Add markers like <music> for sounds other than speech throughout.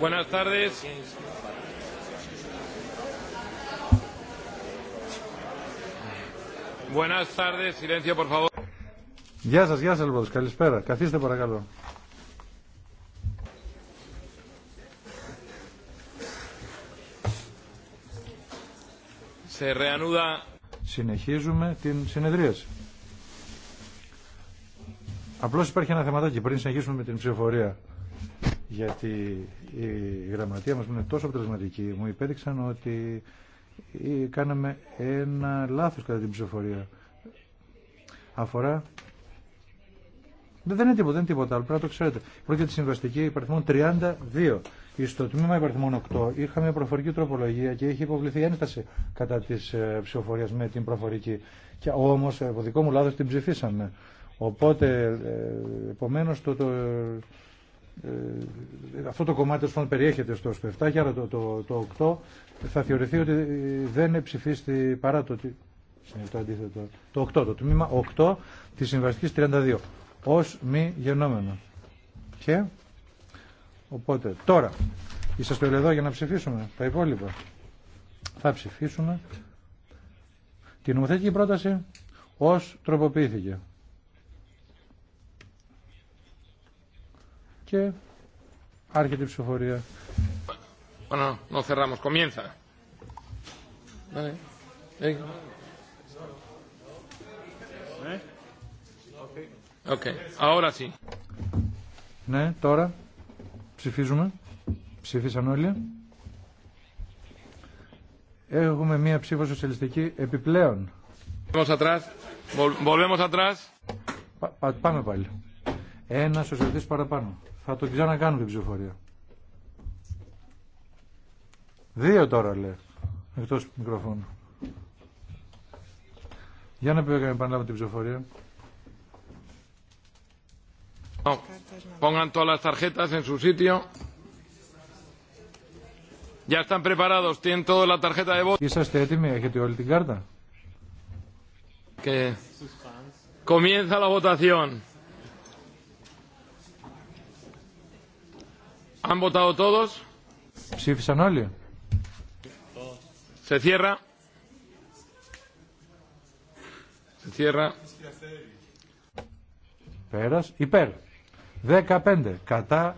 Buenas tardes. Buenas tardes, silencio por favor. Γεια σας, γεια σας λοιπόν, καλησπέρα. Καθίστε παρακαλώ. Se reanuda συνεχίζουμε την συνεδρίαση. Απλώς υπάρχει ένα θεματάκι πριν συνεχίσουμε με την ψηφοφορία. Γιατί η γραμματεία μας που είναι τόσο αποτελεσματική μου υπέδειξαν ότι κάναμε ένα λάθος κατά την ψηφοφορία. Αφορά... Δεν είναι τίποτα, δεν είναι τίποτα άλλο, πρέπει να το ξέρετε. Πρόκειται τη συμβαστική υπαριθμών 32 στο τμήμα υπαριθμών 8 είχαμε προφορική τροπολογία και είχε υποβληθεί ένσταση κατά τη ε, ψηφοφορία με την προφορική. Και όμω, ε, από δικό μου λάθο, την ψηφίσαμε. Οπότε, ε, επομένω, το, το, αυτό το κομμάτι όσο περιέχεται στο, 7 και άρα το, το, 8 θα θεωρηθεί ότι δεν ψηφίστη παρά το, αντίθετο. Το 8, το τμήμα 8 της συμβαστικής 32 ως μη γενόμενο. Και Οπότε τώρα είσαστε εδώ για να ψηφίσουμε τα υπόλοιπα. Θα ψηφίσουμε την νομοθετική πρόταση ως τροποποιήθηκε. Και άρχεται η ψηφοφορία. Bueno, no cerramos, comienza. Vale. Ναι, τώρα. Ψηφίζουμε. Ψήφισαν όλοι. Έχουμε μία ψήφο σοσιαλιστική επιπλέον. πάμε πάλι. Ένα σοσιαλιστής παραπάνω. Θα το ξανακάνουμε την ψηφοφορία. Δύο τώρα λέει. Εκτός μικροφώνου. Για να επαναλάβω την ψηφοφορία. Pongan todas las tarjetas en su sitio. Ya están preparados, tienen toda la tarjeta de voto. y me έχετε Que comienza la votación. ¿Han votado todos? Sí, Fisanolio. Se cierra. Se cierra. y peras. 15 κατά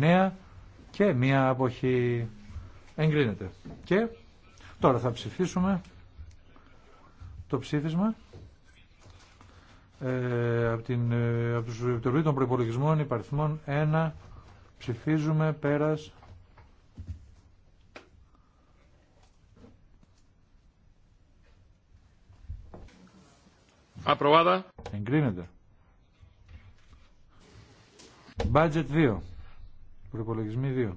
9 και μία αποχή εγκρίνεται. Και τώρα θα ψηφίσουμε το ψήφισμα ε, από την ε, τους ε, επιτροπή των προπολογισμών υπαριθμών 1 ψηφίζουμε πέρας Απροβάδα. Εγκρίνεται. Budget 2. Προπολογισμοί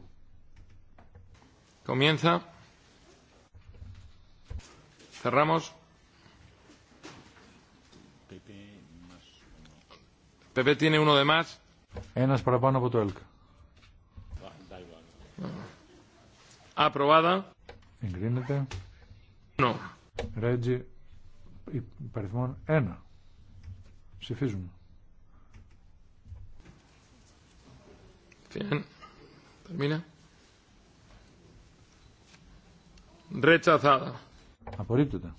2. Comienza. Cerramos. PP tiene uno de más. Ένας παραπάνω από το ΕΛΚ. Απροβάδα. Εγκρίνεται. No. Ρέτζι, υπαριθμόν 1. Ψηφίζουμε. Bien. Termina. Rechazada. Απορρίπτεται.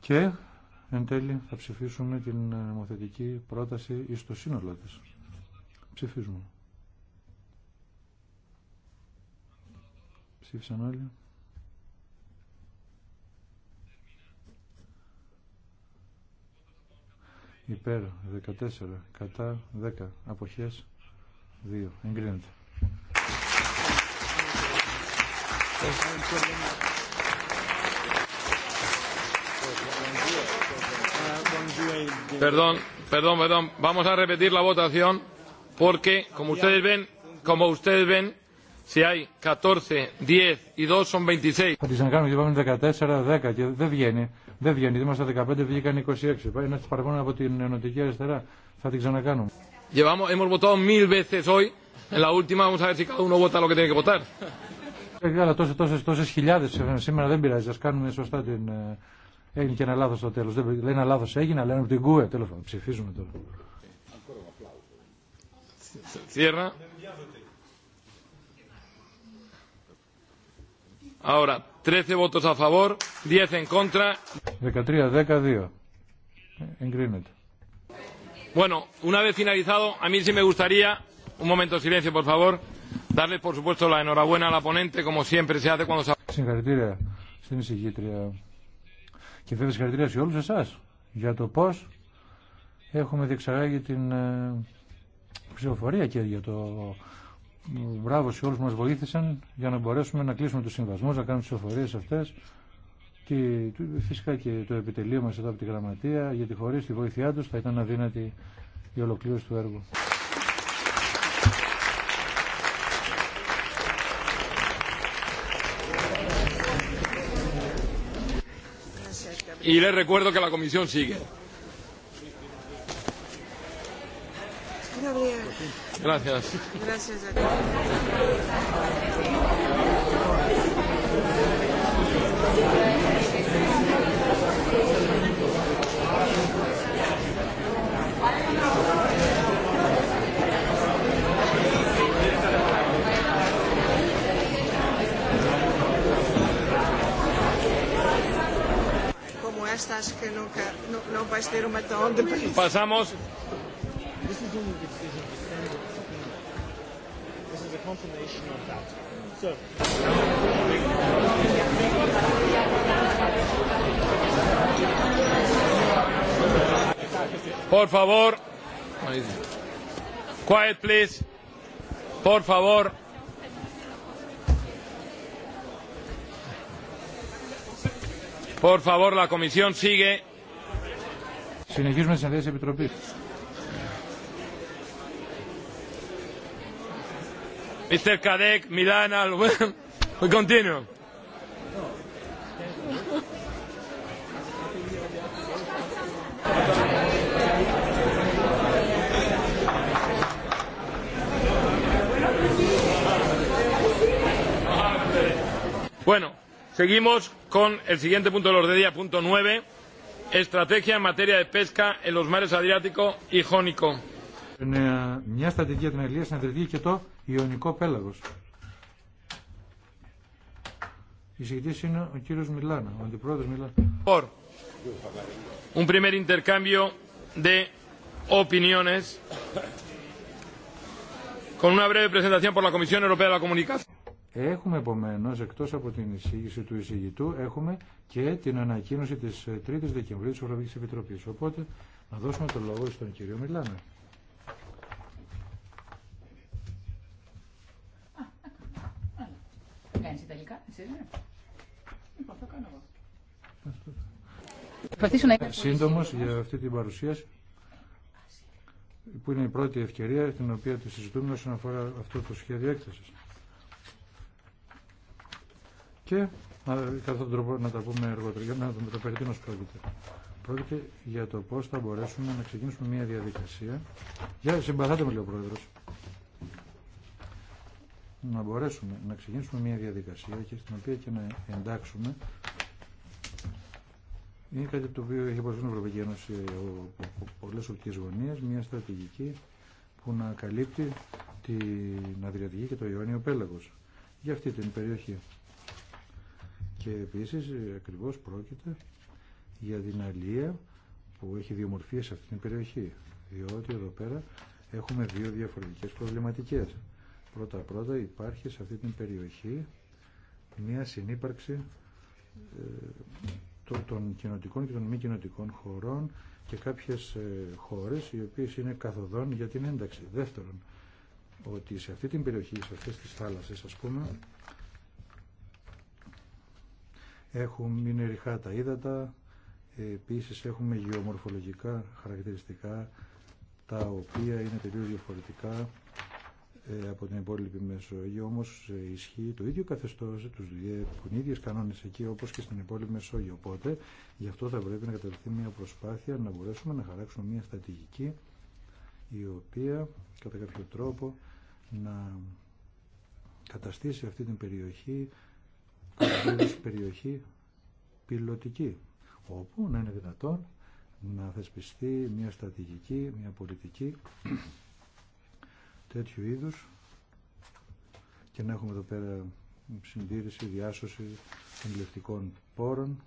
Και εν τέλει θα ψηφίσουμε την ε, νομοθετική πρόταση εις το σύνολό της. Ψηφίζουμε. Ψήφισαν όλοι. υπέρ 14, κατά 10, αποχές 2. Εγκρίνεται. Perdón, perdón, perdón. Vamos a repetir la votación porque, como ustedes ven, como ustedes ven, Si hay 14, 10 y 2 son 26. Θα τις κάνουμε και πάμε 14, 10 και δεν βγαίνει. Δεν βγαίνει. Είμαστε 15, βγήκαν 26. Πάει ένας παραπάνω από την ενωτική αριστερά. Θα την ξανακάνουμε. Llevamos, hemos votado mil veces hoy. En la última vamos a ver si cada uno vota lo que tiene que votar. Ε, αλλά τόσες, τόσες, τόσες χιλιάδες σήμερα δεν πειράζει. Ας κάνουμε σωστά την... Ε, έγινε και ένα λάθος στο τέλος. λέει ένα λάθος έγινε, αλλά είναι από την ΚΟΕ. Τέλος πάντων, ψηφίζουμε τώρα. Cierra. Ahora, 13 votos a favor, 10 en contra. 13-12. Εγκρίνεται. Bueno, una vez finalizado, a mí sí me gustaría, un momento de silencio por favor, darle por supuesto la enhorabuena a la ponente, como siempre se hace cuando se... Συγχαρητήρια στην εισηγήτρια και βέβαια συγχαρητήρια σε όλους εσάς για το πώς έχουμε διεξαγάγει την ψηφοφορία και για το Μπράβο σε που μας βοήθησαν για να μπορέσουμε να κλείσουμε τους συμβασμού, να κάνουμε τι εφορίε αυτέ. και φυσικά και το επιτελείο μα εδώ από τη Γραμματεία, γιατί χωρί τη βοήθειά τους θα ήταν αδύνατη η ολοκλήρωση του έργου. Y recuerdo que la comisión sigue. Gracias. Gracias a Como estas que nunca, no, no vais a ser un tão de Pasamos. This is combination of that. So. Por favor. Quiet, please. Por favor. Por favor, la comisión sigue. Συνεχίζουμε τη συνεδρία τη Επιτροπή. Mr. Kadek, Milana, we continue. Bueno, seguimos con el siguiente punto del orden del día, punto 9, estrategia en materia de pesca en los mares Adriático y Jónico. Μια στρατηγική για την Αγγλία συνεδριτεί και το Ιωνικό Πέλαγος. Η συγκεκριτή είναι ο κύριος Μιλάνα, ο αντιπρόεδρος Μιλάνα. Un primer intercambio de opiniones con una breve presentación por la Comisión Europea de la Comunicación. Έχουμε επομένω, εκτό από την εισήγηση του εισηγητού, έχουμε και την ανακοίνωση τη 3η Δεκεμβρίου τη Ευρωπαϊκή Επιτροπή. Οπότε, να δώσουμε το λόγο στον κύριο Μιλάνα. κάνεις λοιπόν, για αυτή την παρουσίαση που είναι η πρώτη ευκαιρία την οποία τη συζητούμε όσον αφορά αυτό το σχέδιο έκθεση. Και κατά τον τρόπο να τα πούμε αργότερα, για να δούμε το περί τίνο πρόκειται. Πρόκειται για το πώ θα μπορέσουμε να ξεκινήσουμε μια διαδικασία. Για συμπαθάτε με λέει ο να μπορέσουμε να ξεκινήσουμε μια διαδικασία και στην οποία και να εντάξουμε είναι κάτι το οποίο έχει προσφέρει η Ευρωπαϊκή Ένωση από πολλέ οπτικέ γωνίε, μια στρατηγική που να καλύπτει την Αδριατική και το Ιόνιο Πέλαγο για αυτή την περιοχή. Και επίση ακριβώ πρόκειται για την αλία που έχει δύο σε αυτή την περιοχή. Διότι εδώ πέρα έχουμε δύο διαφορετικές προβληματικές. Πρώτα πρώτα υπάρχει σε αυτή την περιοχή μια συνύπαρξη ε, των κοινοτικών και των μη κοινοτικών χωρών και κάποιες ε, χώρες οι οποίες είναι καθοδόν για την ένταξη. Δεύτερον, ότι σε αυτή την περιοχή, σε αυτές τις θάλασσες ας πούμε, έχουν είναι ριχά τα ύδατα, επίσης έχουμε γεωμορφολογικά χαρακτηριστικά τα οποία είναι τελείως διαφορετικά ε, από την υπόλοιπη Μεσόγειο, όμως ε, ισχύει το ίδιο καθεστώς, τους ίδιε κανόνε κανόνες εκεί όπως και στην υπόλοιπη Μεσόγειο. Οπότε γι' αυτό θα πρέπει να καταρθεί μια προσπάθεια να μπορέσουμε να χαράξουμε μια στρατηγική η οποία κατά κάποιο τρόπο να καταστήσει αυτή την περιοχή ως περιοχή πιλωτική όπου να είναι δυνατόν να θεσπιστεί μια στρατηγική, μια πολιτική τέτοιου είδους και να έχουμε εδώ πέρα συντήρηση, διάσωση λευτικών πόρων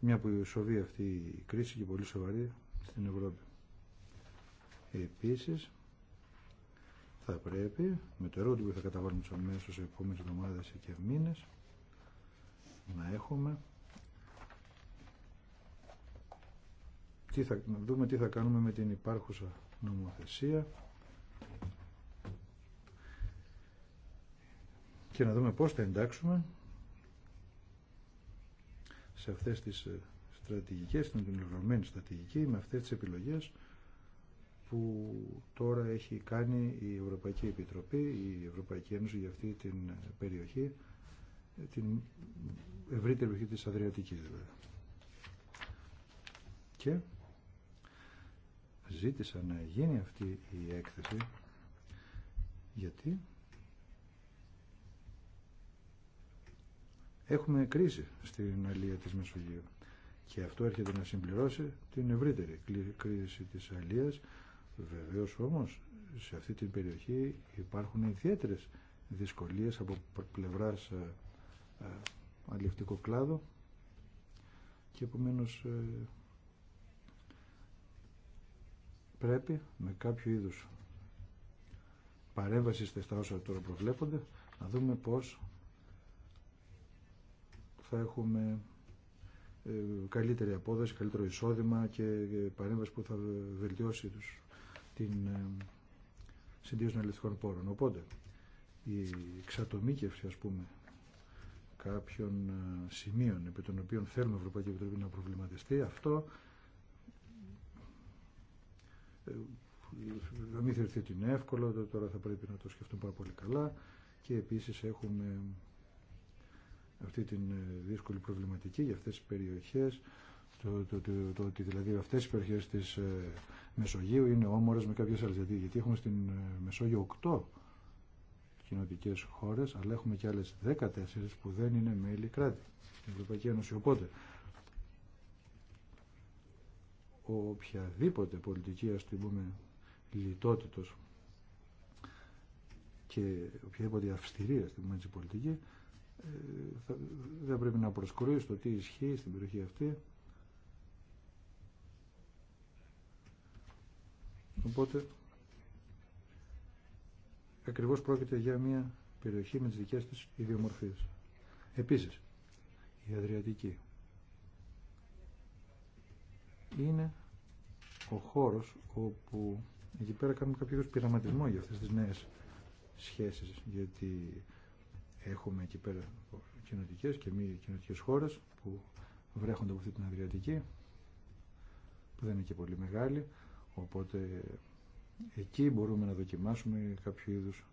μια που σοβεί αυτή η κρίση και πολύ σοβαρή στην Ευρώπη. Επίσης, θα πρέπει, με το ερώτημα που θα καταβάλουμε τους αμέσως σε επόμενες εβδομάδες και μήνες, να έχουμε τι θα, να δούμε τι θα κάνουμε με την υπάρχουσα νομοθεσία και να δούμε πώς θα εντάξουμε σε αυτές τις ε, στρατηγικές, την ολοκληρωμένη στρατηγική, με αυτές τις επιλογές που τώρα έχει κάνει η Ευρωπαϊκή Επιτροπή, η Ευρωπαϊκή Ένωση για αυτή την περιοχή, την ευρύτερη περιοχή της Αδριατικής δηλαδή. Και ζήτησα να γίνει αυτή η έκθεση γιατί έχουμε κρίση στην αλία της Μεσογείου και αυτό έρχεται να συμπληρώσει την ευρύτερη κρίση της αλίας Βεβαίω όμως σε αυτή την περιοχή υπάρχουν ιδιαίτερε δυσκολίες από πλευράς ε, ε, αλληλευτικού κλάδου και επομένως ε, πρέπει με κάποιο είδους παρέμβαση στα όσα τώρα προβλέπονται να δούμε πώς θα έχουμε ε, καλύτερη απόδοση, καλύτερο εισόδημα και ε, παρέμβαση που θα βελτιώσει τους, την ε, συντήρηση των ελευθερικών πόρων. Οπότε, η εξατομίκευση, ας πούμε, κάποιων σημείων επί των οποίων θέλουμε η Ευρωπαϊκή Επιτροπή να προβληματιστεί, αυτό ε, να μην θεωρηθεί ότι είναι εύκολο, τώρα θα πρέπει να το σκεφτούμε πάρα πολύ καλά και επίσης έχουμε αυτή την ε, δύσκολη προβληματική για αυτές τις περιοχές το, το, το, το ότι δηλαδή αυτές οι περιοχές της ε, Μεσογείου είναι όμορες με κάποιες άλλες γιατί, γιατί έχουμε στην Μεσόγειο 8 κοινοτικέ χώρες αλλά έχουμε και άλλες 14 που δεν είναι μέλη κράτη στην Ευρωπαϊκή Ένωση οπότε οποιαδήποτε πολιτική ας το πούμε λιτότητος και οποιαδήποτε αυστηρία στην πούμε, πολιτική ε, δεν πρέπει να προσκρούει στο τι ισχύει στην περιοχή αυτή οπότε ακριβώς πρόκειται για μια περιοχή με τις δικές της ιδιομορφίες επίσης η Αδριατική είναι ο χώρος όπου εκεί πέρα κάνουμε κάποιο είδους πειραματισμό για αυτές τις νέες σχέσεις γιατί έχουμε εκεί πέρα κοινωτικές και μη κοινωτικές χώρες που βρέχονται από αυτή την Αδριατική που δεν είναι και πολύ μεγάλη οπότε εκεί μπορούμε να δοκιμάσουμε κάποιο είδους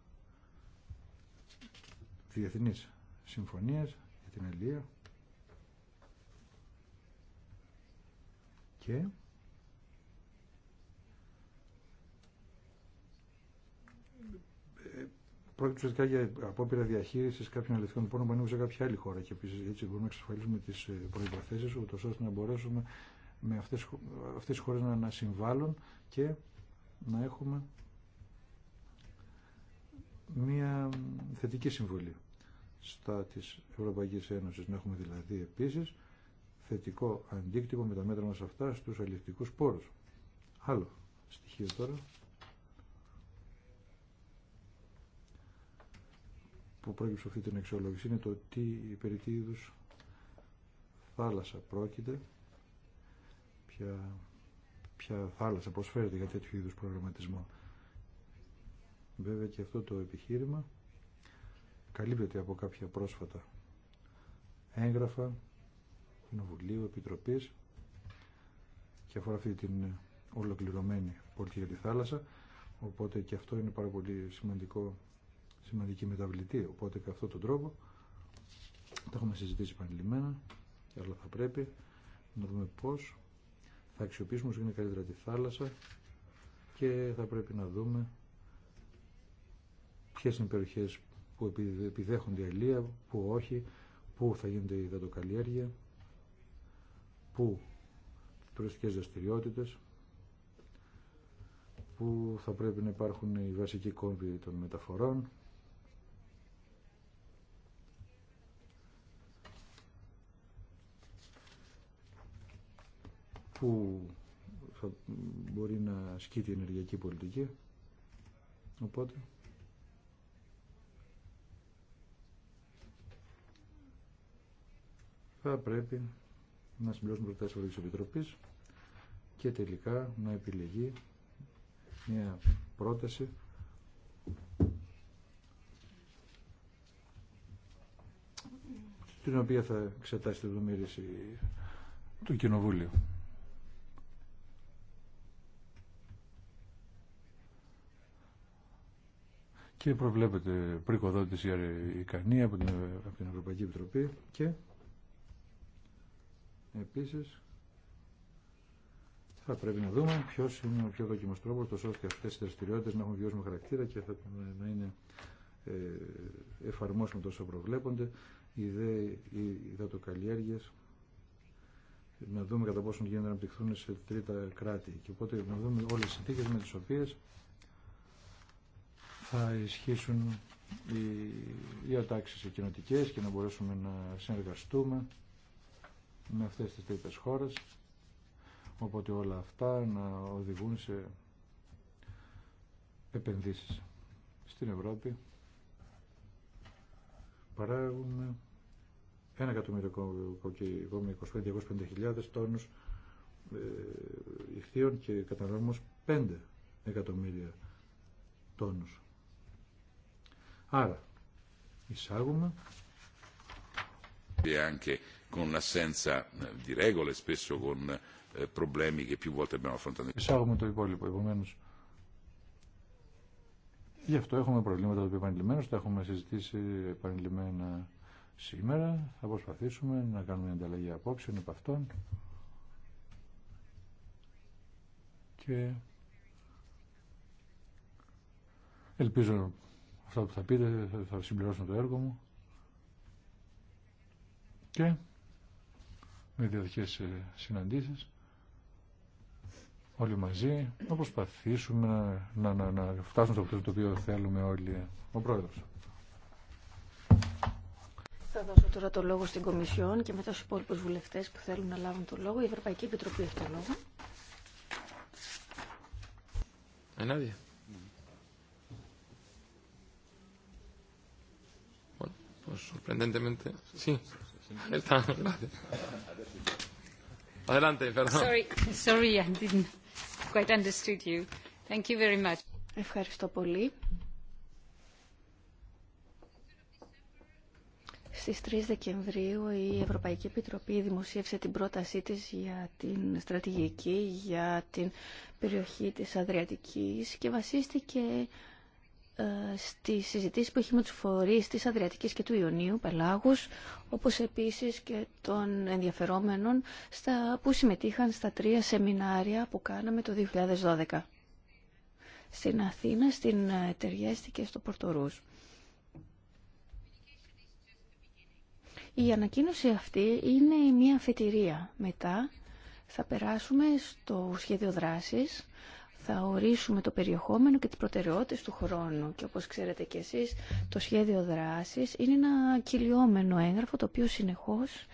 διεθνείς συμφωνίες για την Αλία και ε, πρόκειται ουσιαστικά για απόπειρα διαχείριση κάποιων ελευθερών πόρων που ανήκουν σε κάποια άλλη χώρα. Και επίση έτσι μπορούμε να εξασφαλίσουμε τι ε, προποθέσει, ούτω ώστε να μπορέσουμε με αυτές, τι τις να, να συμβάλλουν και να έχουμε μία θετική συμβολή στα της Ευρωπαϊκής Ένωσης. Να έχουμε δηλαδή επίσης θετικό αντίκτυπο με τα μέτρα μας αυτά στους αλληλευτικούς πόρους. Άλλο στοιχείο τώρα που πρόκειψε αυτή την αξιολόγηση είναι το τι περί τι είδους θάλασσα πρόκειται, ποια, ποια θάλασσα προσφέρεται για τέτοιου είδους προγραμματισμό. Βέβαια και αυτό το επιχείρημα καλύπτεται από κάποια πρόσφατα έγγραφα Κοινοβουλίου, Επιτροπής και αφορά αυτή την ολοκληρωμένη πολιτική για τη θάλασσα. Οπότε και αυτό είναι πάρα πολύ σημαντικό, σημαντική μεταβλητή. Οπότε και αυτόν τον τρόπο τα έχουμε συζητήσει επανειλημμένα, αλλά θα πρέπει να δούμε πώς θα αξιοποιήσουμε όσο είναι καλύτερα τη θάλασσα και θα πρέπει να δούμε ποιες είναι οι περιοχές που επιδέχονται η αλία, που όχι, που θα γίνεται η δατοκαλλιέργεια που τουριστικές δραστηριότητε που θα πρέπει να υπάρχουν οι βασικοί κόμβοι των μεταφορών που θα μπορεί να ασκεί την ενεργειακή πολιτική οπότε θα πρέπει να συμπληρώσουν προτάσεις Ευρωπαϊκή Επιτροπής και τελικά να επιλεγεί μια πρόταση την οποία θα εξετάσει τη δομήρηση του Κοινοβούλιο. Και προβλέπεται πρικοδότηση ικανή από την Ευρωπαϊκή Επιτροπή και Επίσης, θα πρέπει να δούμε ποιο είναι ο πιο δοκιμό τρόπο, ώστε αυτέ οι δραστηριότητε να έχουν βιώσιμο χαρακτήρα και θα, να είναι ε, εφαρμόσουμε τόσο προβλέπονται. Οι δε υδατοκαλλιέργειε, να δούμε κατά πόσο γίνεται να αναπτυχθούν σε τρίτα κράτη. Και οπότε να δούμε όλε τι συνθήκε με τι οποίε θα ισχύσουν οι, οι κοινοτικέ και να μπορέσουμε να συνεργαστούμε με αυτές τις τρίτες χώρες οπότε όλα αυτά να οδηγούν σε επενδύσεις στην Ευρώπη παράγουμε 1 εκατομμυριο κοκκί κοκκινικόμε 25-250.000 τόνους ε, ηχθείων και καταναλώνουμε 5 εκατομμύρια τόνους. Άρα, εισάγουμε con l'assenza eh, di regole, spesso con eh, problemi che più volte abbiamo affrontato. Εισάγουμε το υπόλοιπο, επομένω. Γι' αυτό έχουμε προβλήματα οποία επανειλημμένω, τα έχουμε συζητήσει επανειλημμένα σήμερα. Θα προσπαθήσουμε να κάνουμε ανταλλαγή απόψεων από αυτόν. Και ελπίζω αυτά που θα πείτε θα συμπληρώσουν το έργο μου. Και με διαδικέ ε, συναντήσεις όλοι μαζί να προσπαθήσουμε να, να, να φτάσουμε στο αυτό το οποίο θέλουμε όλοι. Ο Πρόεδρος. Θα δώσω τώρα το λόγο στην Κομισιόν και μετά στους υπόλοιπους βουλευτές που θέλουν να λάβουν το λόγο. Η Ευρωπαϊκή Επιτροπή έχει το λόγο. Ενάδεια. Bueno, pues sorprendentemente, sí. Ευχαριστώ πολύ. Στις 3 Δεκεμβρίου η Ευρωπαϊκή Επιτροπή δημοσίευσε την πρότασή της για την στρατηγική για την περιοχή της Αδριατικής και βασίστηκε ε, στις συζητήσεις που έχει με τους φορείς της Αδριατική και του Ιωνίου Πελάγους, όπως επίσης και των ενδιαφερόμενων στα, που συμμετείχαν στα τρία σεμινάρια που κάναμε το 2012 στην Αθήνα, στην ε, Τεριέστη και στο Πορτορούς. Η ανακοίνωση αυτή είναι μια αφετηρία. Μετά θα περάσουμε στο σχέδιο δράσης θα ορίσουμε το περιεχόμενο και τις προτεραιότητες του χρόνου. Και όπως ξέρετε και εσείς, το σχέδιο δράσης είναι ένα κυλιόμενο έγγραφο το οποίο συνεχώς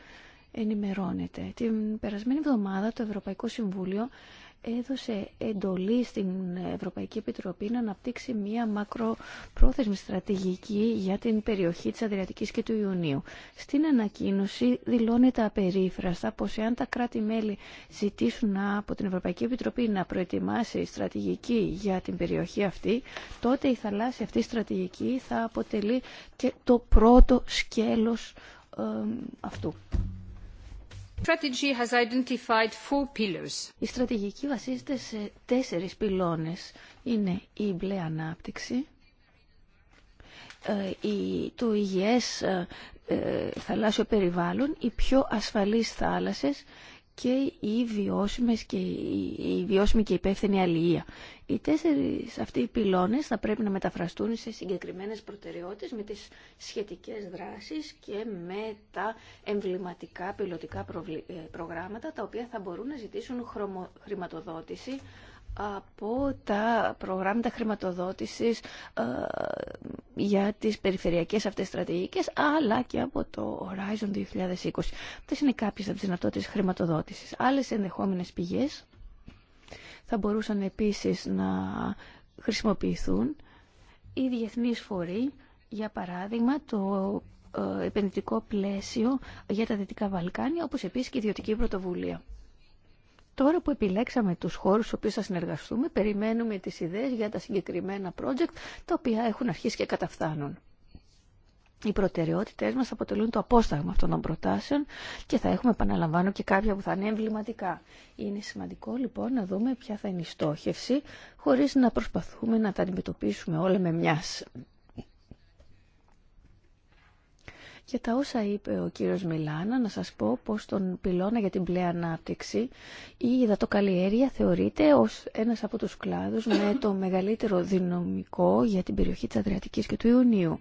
ενημερώνεται. Την περασμένη εβδομάδα το Ευρωπαϊκό Συμβούλιο έδωσε εντολή στην Ευρωπαϊκή Επιτροπή να αναπτύξει μία μακροπρόθεσμη στρατηγική για την περιοχή της Αδριατικής και του Ιουνίου. Στην ανακοίνωση δηλώνεται απερίφραστα πως εάν τα κράτη-μέλη ζητήσουν από την Ευρωπαϊκή Επιτροπή να προετοιμάσει στρατηγική για την περιοχή αυτή, τότε η θαλάσσια αυτή στρατηγική θα αποτελεί και το πρώτο σκέλος ε, αυτού. Η στρατηγική βασίζεται σε τέσσερις πυλώνες. Είναι η μπλε ανάπτυξη, ε, το υγιές ε, ε, θαλάσσιο περιβάλλον, οι πιο ασφαλείς θάλασσες, και οι βιώσιμες και η βιώσιμη και υπεύθυνη αλληλεία. Οι τέσσερις αυτοί οι πυλώνες θα πρέπει να μεταφραστούν σε συγκεκριμένες προτεραιότητες με τις σχετικές δράσεις και με τα εμβληματικά πιλωτικά ε, προγράμματα τα οποία θα μπορούν να ζητήσουν χρηματοδότηση από τα προγράμματα χρηματοδότησης ε, για τις περιφερειακές αυτές στρατηγικές αλλά και από το Horizon 2020. Αυτές είναι κάποιες από τις δυνατότητες χρηματοδότησης. Άλλες ενδεχόμενες πηγές θα μπορούσαν επίσης να χρησιμοποιηθούν οι διεθνείς φορεί, για παράδειγμα το ε, επενδυτικό πλαίσιο για τα Δυτικά Βαλκάνια, όπως επίσης και η ιδιωτική πρωτοβουλία. Τώρα που επιλέξαμε τους χώρους στους οποίους θα συνεργαστούμε, περιμένουμε τις ιδέες για τα συγκεκριμένα project, τα οποία έχουν αρχίσει και καταφθάνουν. Οι προτεραιότητε μα αποτελούν το απόσταγμα αυτών των προτάσεων και θα έχουμε, επαναλαμβάνω, και κάποια που θα είναι εμβληματικά. Είναι σημαντικό λοιπόν να δούμε ποια θα είναι η στόχευση, χωρί να προσπαθούμε να τα αντιμετωπίσουμε όλα με μια. για τα όσα είπε ο κύριος Μιλάνα, να σας πω πως τον πυλώνα για την πλέον ανάπτυξη η υδατοκαλλιέργεια θεωρείται ως ένας από τους κλάδους με το μεγαλύτερο δυναμικό για την περιοχή της Αδριατικής και του Ιουνίου.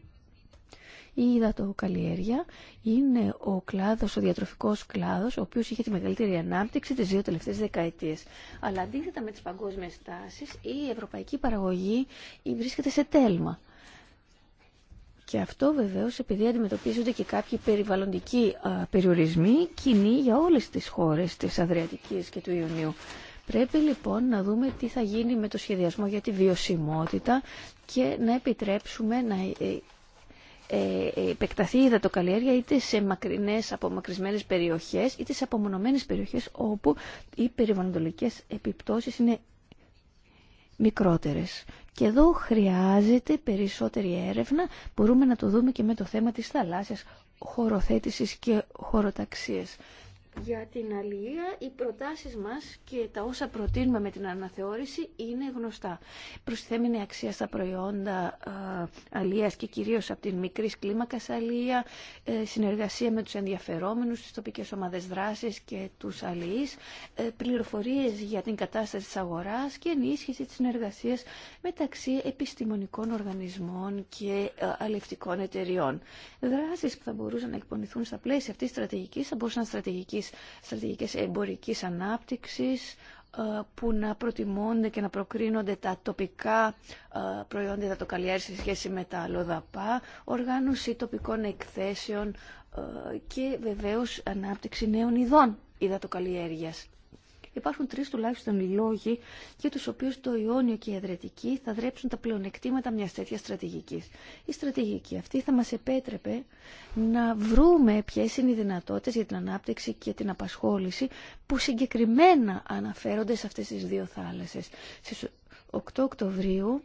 Η υδατοκαλλιέργεια είναι ο κλάδος, ο διατροφικός κλάδος, ο οποίος είχε τη μεγαλύτερη ανάπτυξη τις δύο τελευταίες δεκαετίες. Αλλά αντίθετα με τις παγκόσμιες τάσεις, η ευρωπαϊκή παραγωγή βρίσκεται σε τέλμα. Και αυτό βεβαίως επειδή αντιμετωπίζονται και κάποιοι περιβαλλοντικοί περιορισμοί κοινοί για όλες τις χώρες της Αδριατικής και του Ιωνίου. Πρέπει λοιπόν να δούμε τι θα γίνει με το σχεδιασμό για τη βιωσιμότητα και να επιτρέψουμε να ε, ε, ε, επεκταθεί η υδατοκαλλιέργεια είτε σε μακρινές απομακρυσμένες περιοχές είτε σε απομονωμένες περιοχές όπου οι περιβαλλοντικές επιπτώσεις είναι μικρότερες. Και εδώ χρειάζεται περισσότερη έρευνα. Μπορούμε να το δούμε και με το θέμα της θαλάσσιας χωροθέτησης και χωροταξίας. Για την αλληλεία, οι προτάσεις μας και τα όσα προτείνουμε με την αναθεώρηση είναι γνωστά. Προσθέμενη αξία στα προϊόντα αλληλείας και κυρίως από την μικρή κλίμακα αλληλεία, ε, συνεργασία με τους ενδιαφερόμενους, τις τοπικές ομάδες δράσης και τους αλληλείς, ε, πληροφορίες για την κατάσταση της αγοράς και ενίσχυση της συνεργασίας μεταξύ επιστημονικών οργανισμών και ε, αλληλευτικών εταιριών. Δράσεις που θα μπορούσαν να εκπονηθούν στα πλαίσια αυτής της στρατηγικής θα μπορούσαν στρατηγική στρατηγικής, στρατηγικές εμπορικής ανάπτυξης ε, που να προτιμώνται και να προκρίνονται τα τοπικά ε, προϊόντα υδατοκαλλιέργειας σε σχέση με τα ΛΟΔΑΠΑ, οργάνωση τοπικών εκθέσεων ε, και βεβαίως ανάπτυξη νέων ειδών υδατοκαλλιέργειας. Υπάρχουν τρεις τουλάχιστον λόγοι για τους οποίους το Ιόνιο και η Αδρετική θα δρέψουν τα πλεονεκτήματα μιας τέτοια στρατηγικής. Η στρατηγική αυτή θα μας επέτρεπε να βρούμε ποιες είναι οι δυνατότητες για την ανάπτυξη και την απασχόληση που συγκεκριμένα αναφέρονται σε αυτές τις δύο θάλασσες. Στις 8 Οκτωβρίου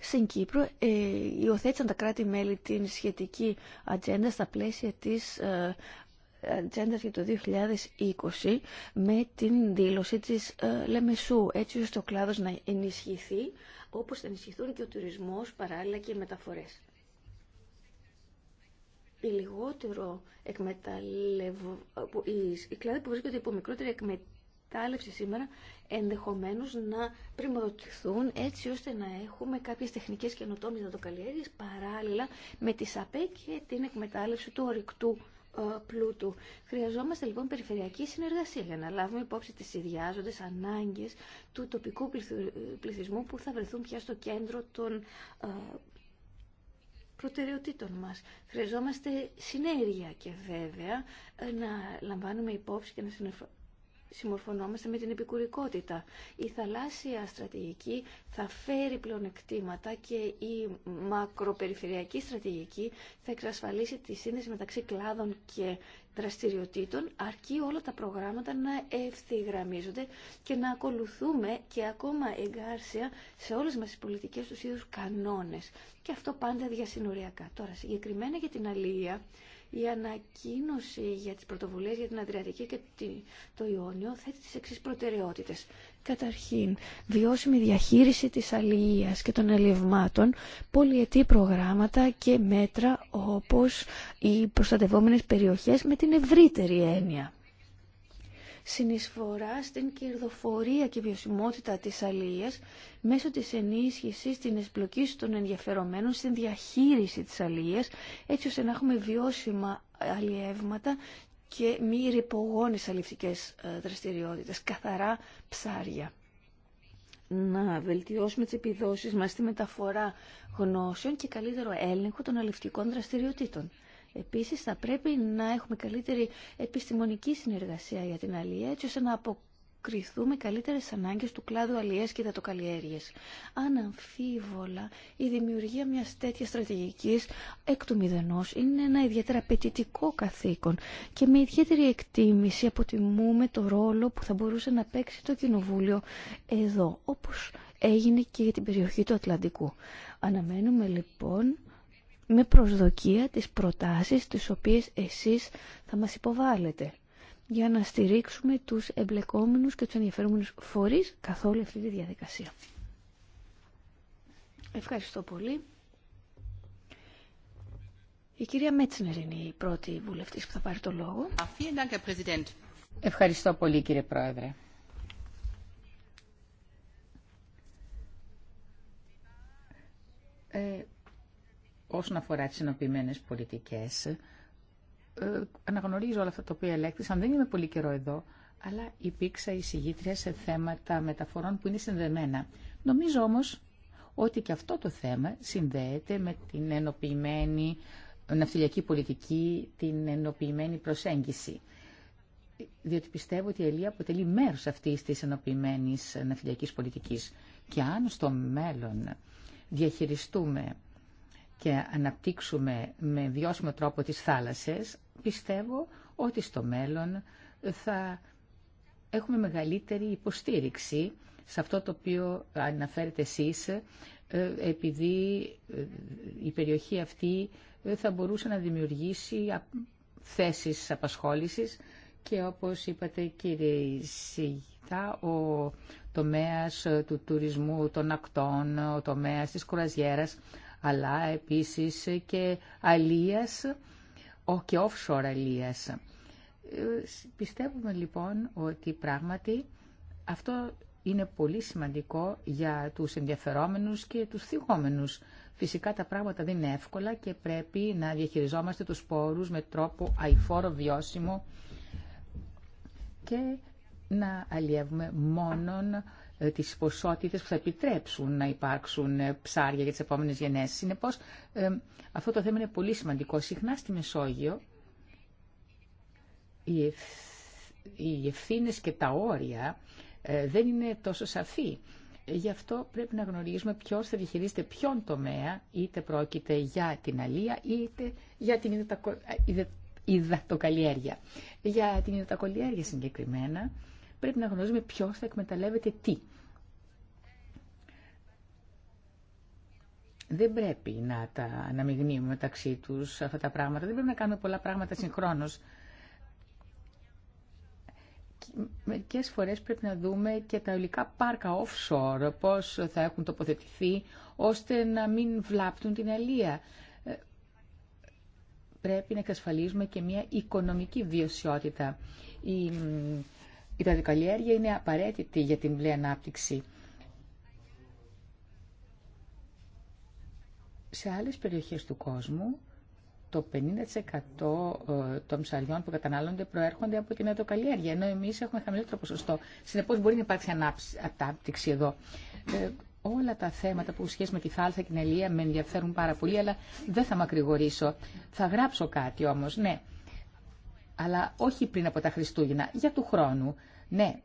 στην Κύπρο ε, υιοθέτησαν τα κράτη-μέλη την σχετική ατζέντα στα πλαίσια της ε, για το 2020 με την δήλωση της ε, Λεμεσού, έτσι ώστε ο κλάδος να ενισχυθεί, όπως θα ενισχυθούν και ο τουρισμός παράλληλα και οι μεταφορές. Η λιγότερο εκμεταλλευ... οι κλάδοι που βρίσκονται υπό μικρότερη εκμετάλλευση σήμερα ενδεχομένως να πρημοδοτηθούν έτσι ώστε να έχουμε κάποιες τεχνικές καινοτόμες δατοκαλλιέργειες παράλληλα με τις ΑΠΕ και την εκμετάλλευση του ορυκτού πλούτου. Χρειαζόμαστε λοιπόν περιφερειακή συνεργασία για να λάβουμε υπόψη τις ιδιάζοντες ανάγκες του τοπικού πληθυσμού που θα βρεθούν πια στο κέντρο των ε, προτεραιοτήτων μας. Χρειαζόμαστε συνέργεια και βέβαια ε, να λαμβάνουμε υπόψη και να συνεργαστούμε συμμορφωνόμαστε με την επικουρικότητα. Η θαλάσσια στρατηγική θα φέρει πλεονεκτήματα και η μακροπεριφερειακή στρατηγική θα εξασφαλίσει τη σύνδεση μεταξύ κλάδων και δραστηριοτήτων, αρκεί όλα τα προγράμματα να ευθυγραμμίζονται και να ακολουθούμε και ακόμα εγκάρσια σε όλες μας τις πολιτικές τους είδους κανόνες. Και αυτό πάντα διασυνοριακά. Τώρα, συγκεκριμένα για την αλληλεία, η ανακοίνωση για τις πρωτοβουλίες για την Αδριατική και το Ιόνιο θέτει τις εξής προτεραιότητες. Καταρχήν, βιώσιμη διαχείριση της αλληλείας και των αλληλευμάτων, πολυετή προγράμματα και μέτρα όπως οι προστατευόμενες περιοχές με την ευρύτερη έννοια συνεισφορά στην κερδοφορία και βιωσιμότητα της αλίας μέσω της ενίσχυσης, την εσπλοκή των ενδιαφερομένων στην διαχείριση της αλίας, έτσι ώστε να έχουμε βιώσιμα αλιεύματα και μη ρηπογόνες αληφτικές ε, δραστηριότητες, καθαρά ψάρια να βελτιώσουμε τις επιδόσεις μας στη μεταφορά γνώσεων και καλύτερο έλεγχο των αληφτικών δραστηριοτήτων. Επίσης θα πρέπει να έχουμε καλύτερη επιστημονική συνεργασία για την αλληλεία έτσι ώστε να αποκριθούμε καλύτερες ανάγκες του κλάδου αλληλείας και Αν αμφίβολα, η δημιουργία μιας τέτοιας στρατηγικής εκ του μηδενός είναι ένα ιδιαίτερα απαιτητικό καθήκον και με ιδιαίτερη εκτίμηση αποτιμούμε το ρόλο που θα μπορούσε να παίξει το Κοινοβούλιο εδώ όπως έγινε και για την περιοχή του Ατλαντικού. Αναμένουμε λοιπόν με προσδοκία τις προτάσεις τις οποίες εσείς θα μας υποβάλλετε για να στηρίξουμε τους εμπλεκόμενους και τους ενδιαφέρουμενους φορείς καθόλου αυτή τη διαδικασία. Ευχαριστώ πολύ. Η κυρία Μέτσνερ είναι η πρώτη βουλευτής που θα πάρει το λόγο. Ευχαριστώ πολύ κύριε Πρόεδρε. Ε, όσον αφορά τις ενοποιημένες πολιτικές, ε, αναγνωρίζω όλα αυτά τα οποία ελέγχθησαν, δεν είμαι πολύ καιρό εδώ, αλλά υπήρξα εισηγήτρια σε θέματα μεταφορών που είναι συνδεμένα. Νομίζω όμως ότι και αυτό το θέμα συνδέεται με την ενοποιημένη ναυτιλιακή πολιτική, την ενοποιημένη προσέγγιση. Διότι πιστεύω ότι η Ελία αποτελεί μέρος αυτής της ενοποιημένης ναυτιλιακής πολιτικής. Και αν στο μέλλον διαχειριστούμε και αναπτύξουμε με βιώσιμο τρόπο τις θάλασσες, πιστεύω ότι στο μέλλον θα έχουμε μεγαλύτερη υποστήριξη σε αυτό το οποίο αναφέρετε εσείς, ε, επειδή ε, η περιοχή αυτή ε, θα μπορούσε να δημιουργήσει θέσεις απασχόλησης και όπως είπατε κύριε Σιγητά, ο τομέας του τουρισμού των ακτών, ο τομέας της κουραζιέρας, αλλά επίσης και αλίας και offshore αλίας. Ε, πιστεύουμε λοιπόν ότι πράγματι αυτό είναι πολύ σημαντικό για τους ενδιαφερόμενους και τους θυγόμενους. Φυσικά τα πράγματα δεν είναι εύκολα και πρέπει να διαχειριζόμαστε τους πόρους με τρόπο αηφόρο βιώσιμο και να αλλιεύουμε μόνον ε, τις ποσότητες που θα επιτρέψουν να υπάρξουν ε, ψάρια για τις επόμενες Είναι Συνεπώς, ε, αυτό το θέμα είναι πολύ σημαντικό. Συχνά στη Μεσόγειο, οι ευθύνε και τα όρια δεν είναι τόσο σαφή. Γι' αυτό πρέπει να γνωρίζουμε ποιο θα διαχειρίζεται ποιον τομέα, είτε πρόκειται για την αλία, είτε για την υδατοκαλλιέργεια. Για την υδατοκαλλιέργεια συγκεκριμένα, πρέπει να γνωρίζουμε ποιο θα εκμεταλλεύεται τι. Δεν πρέπει να τα αναμειγνύουμε μεταξύ του αυτά τα πράγματα. Δεν πρέπει να κάνουμε πολλά πράγματα συγχρόνως. Μερικέ φορές πρέπει να δούμε και τα ολικά πάρκα offshore, πώς θα έχουν τοποθετηθεί, ώστε να μην βλάπτουν την αλεία. Ε, πρέπει να εξασφαλίζουμε και μια οικονομική βιωσιότητα. Η η δαδικαλλιέργεια είναι απαραίτητη για την μπλε ανάπτυξη. Σε άλλες περιοχές του κόσμου, το 50% ε, των ψαριών που κατανάλλονται προέρχονται από την εδωκαλλιέργεια, ενώ εμείς έχουμε χαμηλότερο ποσοστό. Συνεπώς μπορεί να υπάρξει ανάπτυξη εδώ. Ε, όλα τα θέματα που σχέση με τη θάλασσα και την ελία με ενδιαφέρουν πάρα πολύ, αλλά δεν θα μακρηγορήσω. Θα γράψω κάτι όμως, ναι αλλά όχι πριν από τα Χριστούγεννα, για του χρόνου. Ναι,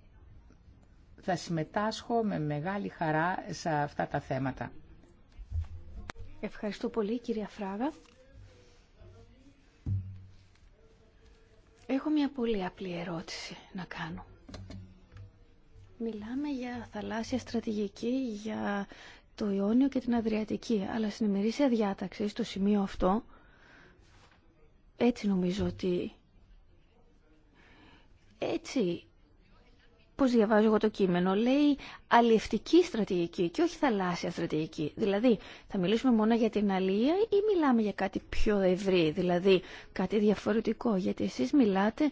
θα συμμετάσχω με μεγάλη χαρά σε αυτά τα θέματα. Ευχαριστώ πολύ κυρία Φράγα. Έχω μια πολύ απλή ερώτηση να κάνω. Μιλάμε για θαλάσσια στρατηγική, για το Ιόνιο και την Αδριατική, αλλά στην ημερήσια διάταξη, στο σημείο αυτό, έτσι νομίζω ότι έτσι, πώς διαβάζω εγώ το κείμενο, λέει αλλιευτική στρατηγική και όχι θαλάσσια στρατηγική. Δηλαδή, θα μιλήσουμε μόνο για την αλληλεία ή μιλάμε για κάτι πιο ευρύ, δηλαδή κάτι διαφορετικό, γιατί εσείς μιλάτε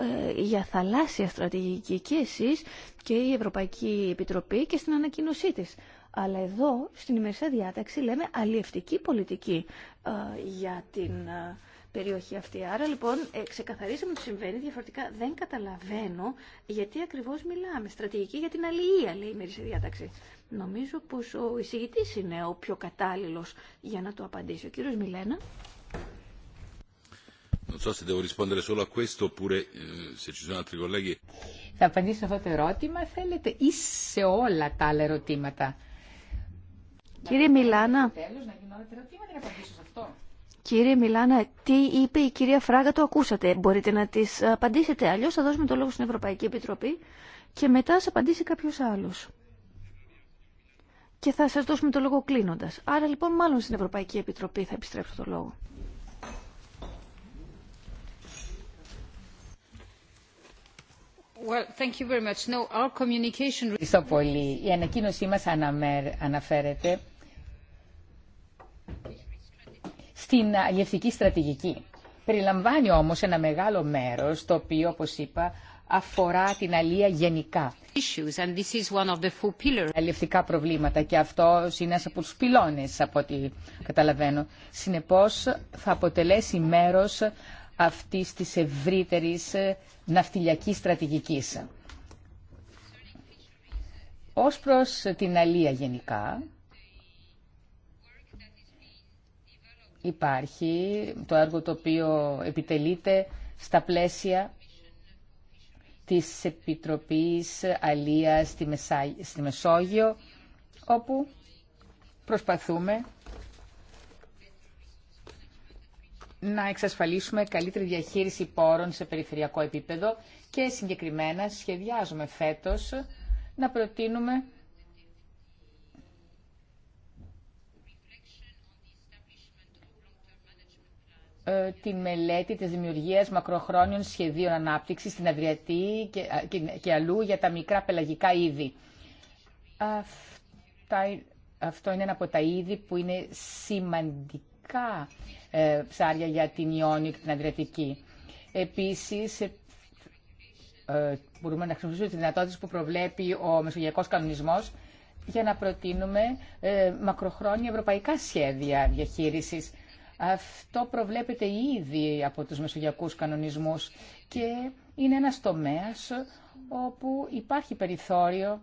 ε, για θαλάσσια στρατηγική και εσείς και η Ευρωπαϊκή Επιτροπή και στην ανακοίνωσή της. Αλλά εδώ στην ημερησία διάταξη λέμε αλλιευτική πολιτική ε, για την ε, περιοχή αυτή. Άρα λοιπόν ε, ξεκαθαρίσαμε τι συμβαίνει, διαφορετικά δεν καταλαβαίνω γιατί ακριβώ μιλάμε. Στρατηγική για την αλληλεία, λέει η Μερίσια Διάταξη. Νομίζω πω ο εισηγητή είναι ο πιο κατάλληλο για να το απαντήσει. Ο κύριο Μιλένα. Θα απαντήσω σε αυτό το ερώτημα, θέλετε, ή σε όλα τα άλλα ερωτήματα. Κύριε Μιλάνα. Τέλος, να γίνω ερωτήματα, δεν απαντήσω σε αυτό. Κύριε Μιλάνα, τι είπε η κυρία Φράγα, το ακούσατε. Μπορείτε να τις απαντήσετε. Αλλιώς θα δώσουμε το λόγο στην Ευρωπαϊκή Επιτροπή και μετά θα απαντήσει κάποιος άλλος. Και θα σας δώσουμε το λόγο κλείνοντας. Άρα λοιπόν μάλλον στην Ευρωπαϊκή Επιτροπή θα επιστρέψω το λόγο. Well, thank you very much. No, our communication... πολύ. Η ανακοίνωσή μας αναφέρεται ...την αλληλευτική στρατηγική. Περιλαμβάνει όμως ένα μεγάλο μέρος, το οποίο, όπως είπα, αφορά την αλία γενικά. Αλληλευτικά προβλήματα και αυτό είναι ένας από τους πυλώνες από ό,τι καταλαβαίνω. Συνεπώς θα αποτελέσει μέρος αυτής της ευρύτερης ναυτιλιακής στρατηγικής. Ως προς την αλία γενικά, υπάρχει, το έργο το οποίο επιτελείται στα πλαίσια της Επιτροπής Αλίας στη, Μεσόγειο, όπου προσπαθούμε να εξασφαλίσουμε καλύτερη διαχείριση πόρων σε περιφερειακό επίπεδο και συγκεκριμένα σχεδιάζουμε φέτος να προτείνουμε Ε, τη μελέτη της δημιουργίας μακροχρόνιων σχεδίων ανάπτυξης στην Αδριατή και, αλλού για τα μικρά πελαγικά είδη. αυτό είναι ένα από τα είδη που είναι σημαντικά ε, ψάρια για την Ιόνιο και την Αδριατική. Επίσης, ε, μπορούμε να χρησιμοποιήσουμε τη δυνατότητα που προβλέπει ο Μεσογειακός Κανονισμός για να προτείνουμε μακροχρόνια ευρωπαϊκά σχέδια διαχείρισης αυτό προβλέπεται ήδη από τους μεσογειακούς κανονισμούς και είναι ένας τομέας όπου υπάρχει περιθώριο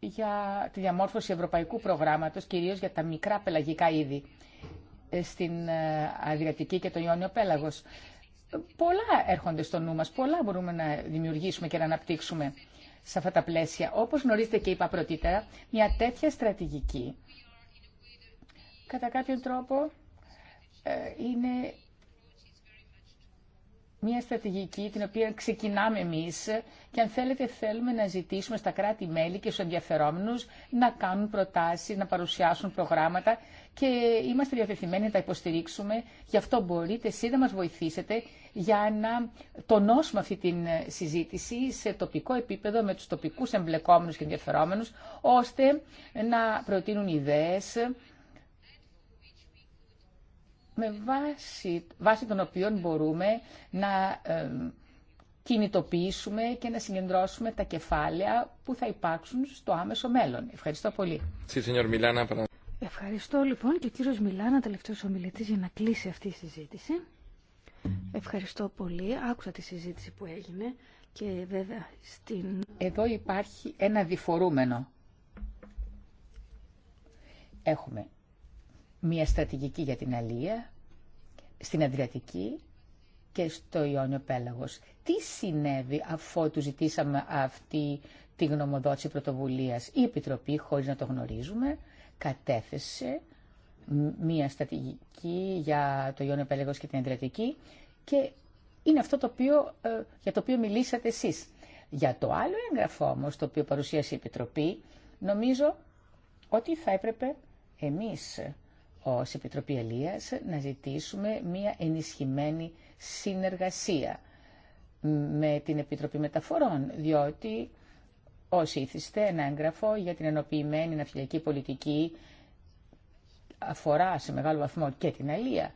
για τη διαμόρφωση ευρωπαϊκού προγράμματος, κυρίως για τα μικρά πελαγικά είδη ε, στην ε, Αδριατική και τον Ιόνιο Πέλαγος. Πολλά έρχονται στο νου μας, πολλά μπορούμε να δημιουργήσουμε και να αναπτύξουμε σε αυτά τα πλαίσια. Όπως γνωρίζετε και είπα πρωτήτερα, μια τέτοια στρατηγική κατά κάποιον τρόπο ε, είναι μια στρατηγική την οποία ξεκινάμε εμείς και αν θέλετε θέλουμε να ζητήσουμε στα κράτη-μέλη και στους ενδιαφερόμενους να κάνουν προτάσεις, να παρουσιάσουν προγράμματα και είμαστε διατεθειμένοι να τα υποστηρίξουμε. Γι' αυτό μπορείτε εσύ να μας βοηθήσετε για να τονώσουμε αυτή τη συζήτηση σε τοπικό επίπεδο με τους τοπικούς εμπλεκόμενους και ενδιαφερόμενους ώστε να προτείνουν ιδέες με βάση, βάση των οποίων μπορούμε να ε, κινητοποιήσουμε και να συγκεντρώσουμε τα κεφάλαια που θα υπάρξουν στο άμεσο μέλλον. Ευχαριστώ πολύ. Ευχαριστώ λοιπόν και ο κύριος Μιλάνα, τελευταίος ομιλητής, για να κλείσει αυτή η συζήτηση. Ευχαριστώ πολύ. Άκουσα τη συζήτηση που έγινε και βέβαια στην... Εδώ υπάρχει ένα διφορούμενο. Έχουμε μια στρατηγική για την Αλία, στην Αδριατική και στο Ιόνιο Πέλαγος. Τι συνέβη αφού του ζητήσαμε αυτή τη γνωμοδότηση πρωτοβουλίας. Η Επιτροπή, χωρίς να το γνωρίζουμε, κατέθεσε μια στρατηγική για το Ιόνιο Πέλαγος και την Αδριατική και είναι αυτό το ε, για το οποίο μιλήσατε εσείς. Για το άλλο έγγραφο όμως, το οποίο παρουσίασε η Επιτροπή, νομίζω ότι θα έπρεπε εμείς ως Επιτροπή Αλίας να ζητήσουμε μία ενισχυμένη συνεργασία με την Επιτροπή Μεταφορών, διότι ως ήθιστε ένα έγγραφο για την ενοποιημένη ναυτιλιακή πολιτική αφορά σε μεγάλο βαθμό και την Αλία.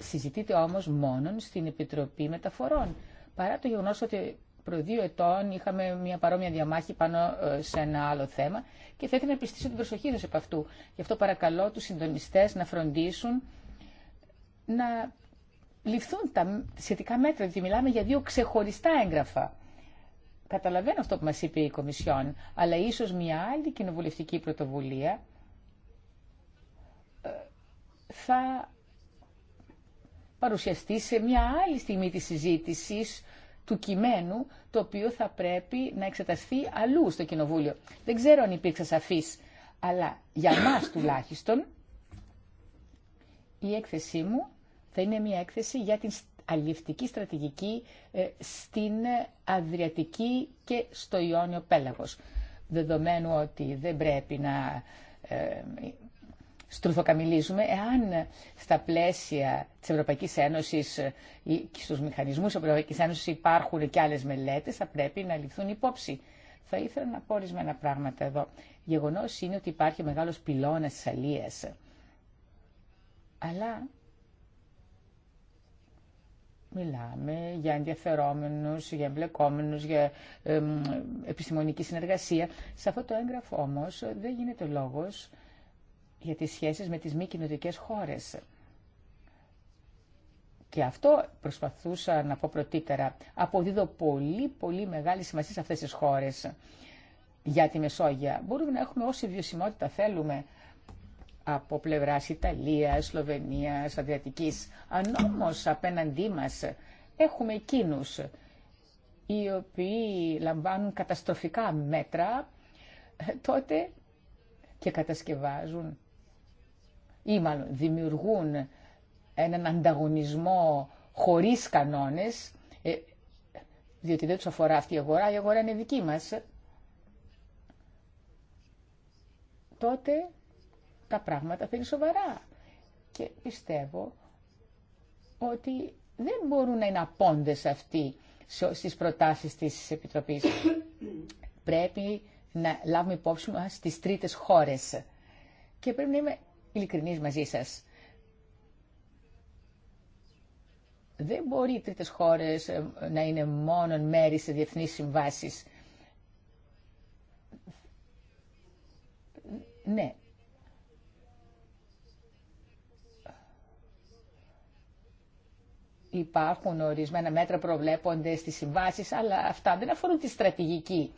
Συζητείται όμως μόνον στην Επιτροπή Μεταφορών, παρά το γεγονός ότι Προ δύο ετών είχαμε μια παρόμοια διαμάχη πάνω ε, σε ένα άλλο θέμα και θα ήθελα να επιστήσω την προσοχή σα από αυτού. Γι' αυτό παρακαλώ τους συντονιστές να φροντίσουν να ληφθούν τα σχετικά μέτρα, διότι μιλάμε για δύο ξεχωριστά έγγραφα. Καταλαβαίνω αυτό που μας είπε η Κομισιόν, αλλά ίσως μια άλλη κοινοβουλευτική πρωτοβουλία ε, θα παρουσιαστεί σε μια άλλη στιγμή της συζήτησης του κειμένου το οποίο θα πρέπει να εξεταστεί αλλού στο Κοινοβούλιο. Δεν ξέρω αν υπήρξα σαφής, αλλά για μας τουλάχιστον η έκθεσή μου θα είναι μια έκθεση για την αλληλευτική στρατηγική ε, στην Αδριατική και στο Ιόνιο Πέλαγος. Δεδομένου ότι δεν πρέπει να ε, στρουθοκαμιλίζουμε εάν στα πλαίσια της Ευρωπαϊκής Ένωσης και στους μηχανισμούς της Ευρωπαϊκής Ένωσης υπάρχουν και άλλες μελέτες, θα πρέπει να ληφθούν υπόψη. Θα ήθελα να πω ορισμένα πράγματα εδώ. Γεγονός είναι ότι υπάρχει μεγάλος πυλώνας της Αλλά μιλάμε για ενδιαφερόμενους, για εμπλεκόμενους, για επιστημονική συνεργασία. Σε αυτό το έγγραφο όμως δεν γίνεται λόγος για τις σχέσεις με τις μη κοινωτικέ χώρες. Και αυτό προσπαθούσα να πω πρωτήτερα. Αποδίδω πολύ πολύ μεγάλη σημασία σε αυτές τις χώρες για τη Μεσόγεια. Μπορούμε να έχουμε όση βιωσιμότητα θέλουμε από πλευρά Ιταλία, Σλοβενία, Αδριατικής. Αν όμω απέναντί μα έχουμε εκείνους οι οποίοι λαμβάνουν καταστροφικά μέτρα, τότε και κατασκευάζουν ή μάλλον δημιουργούν έναν ανταγωνισμό χωρίς κανόνες, ε, διότι δεν τους αφορά αυτή η αγορά, η αγορά είναι δική μας, τότε τα πράγματα θα είναι σοβαρά. Και πιστεύω ότι δεν μπορούν να είναι απόντες αυτοί στις προτάσεις της Επιτροπής. Πρέπει να λάβουμε υπόψη μας τις τρίτες χώρες. Και πρέπει να είμαι ειλικρινής μαζί σας. Δεν μπορεί οι τρίτες χώρες ε, να είναι μόνο μέρη σε διεθνείς συμβάσεις. Ναι. Υπάρχουν ορισμένα μέτρα προβλέπονται στις συμβάσεις, αλλά αυτά δεν αφορούν τη στρατηγική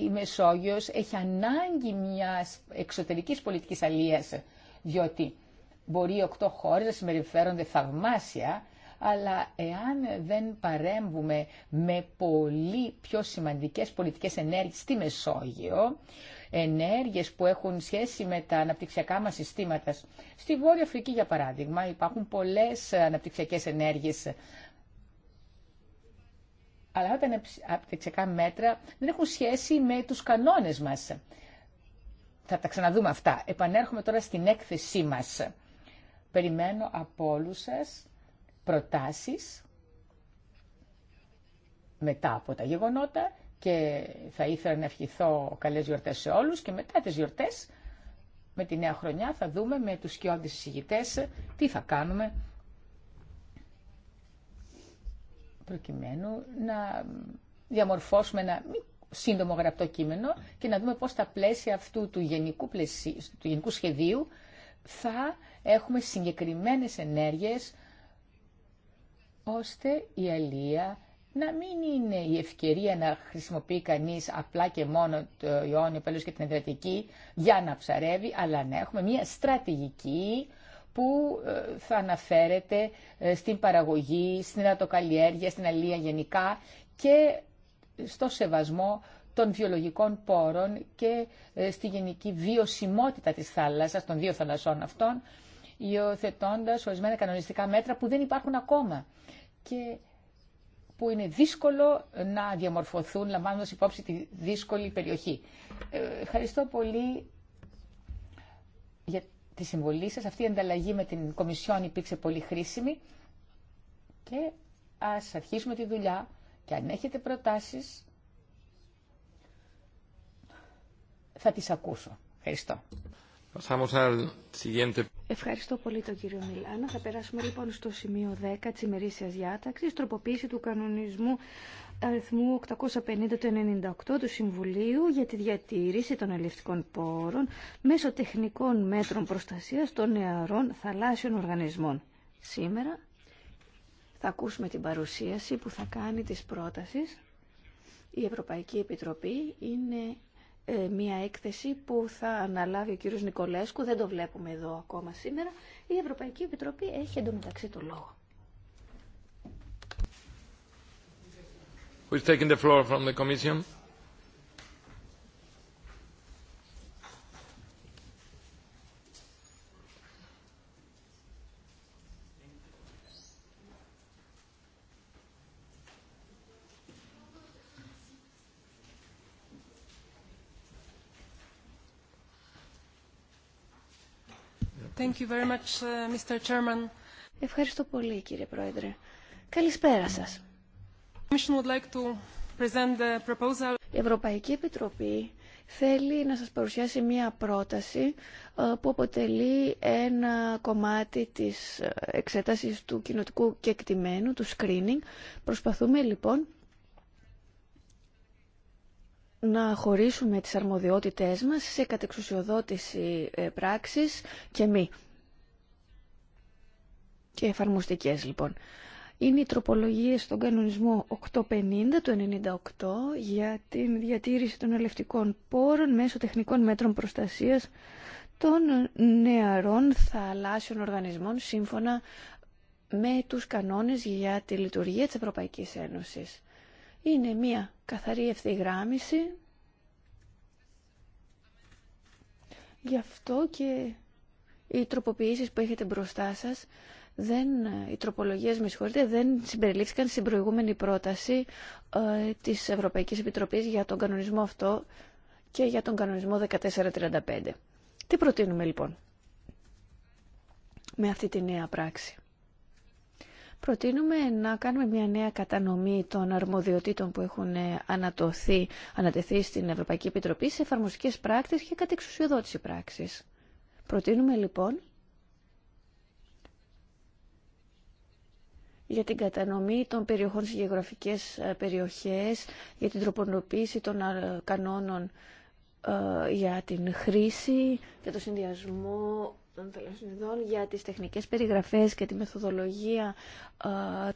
η Μεσόγειος έχει ανάγκη μιας εξωτερικής πολιτικής αλίας, διότι μπορεί οι οκτώ χώρες να συμπεριφέρονται θαυμάσια, αλλά εάν δεν παρέμβουμε με πολύ πιο σημαντικές πολιτικές ενέργειες στη Μεσόγειο, ενέργειες που έχουν σχέση με τα αναπτυξιακά μας συστήματα. Στη Βόρεια Αφρική, για παράδειγμα, υπάρχουν πολλές αναπτυξιακές ενέργειες αλλά τα αναπτυξιακά μέτρα δεν έχουν σχέση με τους κανόνες μας. Θα τα ξαναδούμε αυτά. Επανέρχομαι τώρα στην έκθεσή μας. Περιμένω από όλους σας προτάσεις μετά από τα γεγονότα και θα ήθελα να ευχηθώ καλές γιορτές σε όλους και μετά τις γιορτές με τη νέα χρονιά θα δούμε με τους σκιώδεις συζητητές τι θα κάνουμε προκειμένου να διαμορφώσουμε ένα σύντομο γραπτό κείμενο και να δούμε πώς τα πλαίσια αυτού του γενικού, του γενικού σχεδίου θα έχουμε συγκεκριμένες ενέργειες ώστε η αλία να μην είναι η ευκαιρία να χρησιμοποιεί κανείς απλά και μόνο το Ιόνιο Πέλος και την Ενδρατική για να ψαρεύει, αλλά να έχουμε μια στρατηγική που ε, θα αναφέρεται ε, στην παραγωγή, στην ατοκαλλιέργεια, στην αλληλεία γενικά και στο σεβασμό των βιολογικών πόρων και ε, στη γενική βιωσιμότητα της θάλασσας, των δύο θαλασσών αυτών, υιοθετώντα ορισμένα κανονιστικά μέτρα που δεν υπάρχουν ακόμα και που είναι δύσκολο να διαμορφωθούν λαμβάνοντας υπόψη τη δύσκολη περιοχή. Ευχαριστώ πολύ τη συμβολή σας. Αυτή η ανταλλαγή με την Κομισιόν υπήρξε πολύ χρήσιμη και ας αρχίσουμε τη δουλειά και αν έχετε προτάσεις θα τις ακούσω. Ευχαριστώ. Ευχαριστώ πολύ τον κύριο Μιλάνο. Θα περάσουμε λοιπόν στο σημείο 10 της ημερήσιας διάταξης, τροποποίηση του κανονισμού αριθμού 850 του 98 του Συμβουλίου για τη διατήρηση των αλληλευτικών πόρων μέσω τεχνικών μέτρων προστασίας των νεαρών θαλάσσιων οργανισμών. Σήμερα θα ακούσουμε την παρουσίαση που θα κάνει τις πρότασεις. Η Ευρωπαϊκή Επιτροπή είναι ε, μια έκθεση που θα αναλάβει ο κύριος Νικολέσκου, δεν το βλέπουμε εδώ ακόμα σήμερα. Η Ευρωπαϊκή Επιτροπή έχει εντωμεταξύ το λόγο. who is taking the floor from the Commission? Thank you very much, Mr. Chairman. Ευχαριστώ πολύ κύριε Πρόεδρε. Καλησπέρα σας. Η Ευρωπαϊκή Επιτροπή θέλει να σας παρουσιάσει μία πρόταση ε, που αποτελεί ένα κομμάτι της ε, εξέτασης του κοινοτικού κεκτημένου, του screening. Προσπαθούμε λοιπόν να χωρίσουμε τις αρμοδιότητές μας σε κατεξουσιοδότηση ε, πράξης και μη. Και εφαρμοστικές λοιπόν είναι οι τροπολογίες στον κανονισμό 850 του 98 για την διατήρηση των ελευτικών πόρων μέσω τεχνικών μέτρων προστασίας των νεαρών θαλάσσιων οργανισμών σύμφωνα με τους κανόνες για τη λειτουργία της Ευρωπαϊκής Ένωσης. Είναι μια καθαρή ευθυγράμμιση. Γι' αυτό και οι τροποποιήσεις που έχετε μπροστά σας δεν, οι τροπολογίες με συγχωρείτε, δεν συμπεριλήφθηκαν στην προηγούμενη πρόταση ε, της Ευρωπαϊκής Επιτροπής για τον κανονισμό αυτό και για τον κανονισμό 1435. Τι προτείνουμε λοιπόν με αυτή τη νέα πράξη. Προτείνουμε να κάνουμε μια νέα κατανομή των αρμοδιοτήτων που έχουν ε, ανατοθεί, ανατεθεί στην Ευρωπαϊκή Επιτροπή σε εφαρμοστικές πράξεις και κατεξουσιοδότηση πράξης. Προτείνουμε λοιπόν για την κατανομή των περιοχών σε γεωγραφικές ε, περιοχές, για την τροπονοποίηση των ε, κανόνων ε, για την χρήση, και το συνδυασμό των θελασσινιδών, για τις τεχνικές περιγραφές και τη μεθοδολογία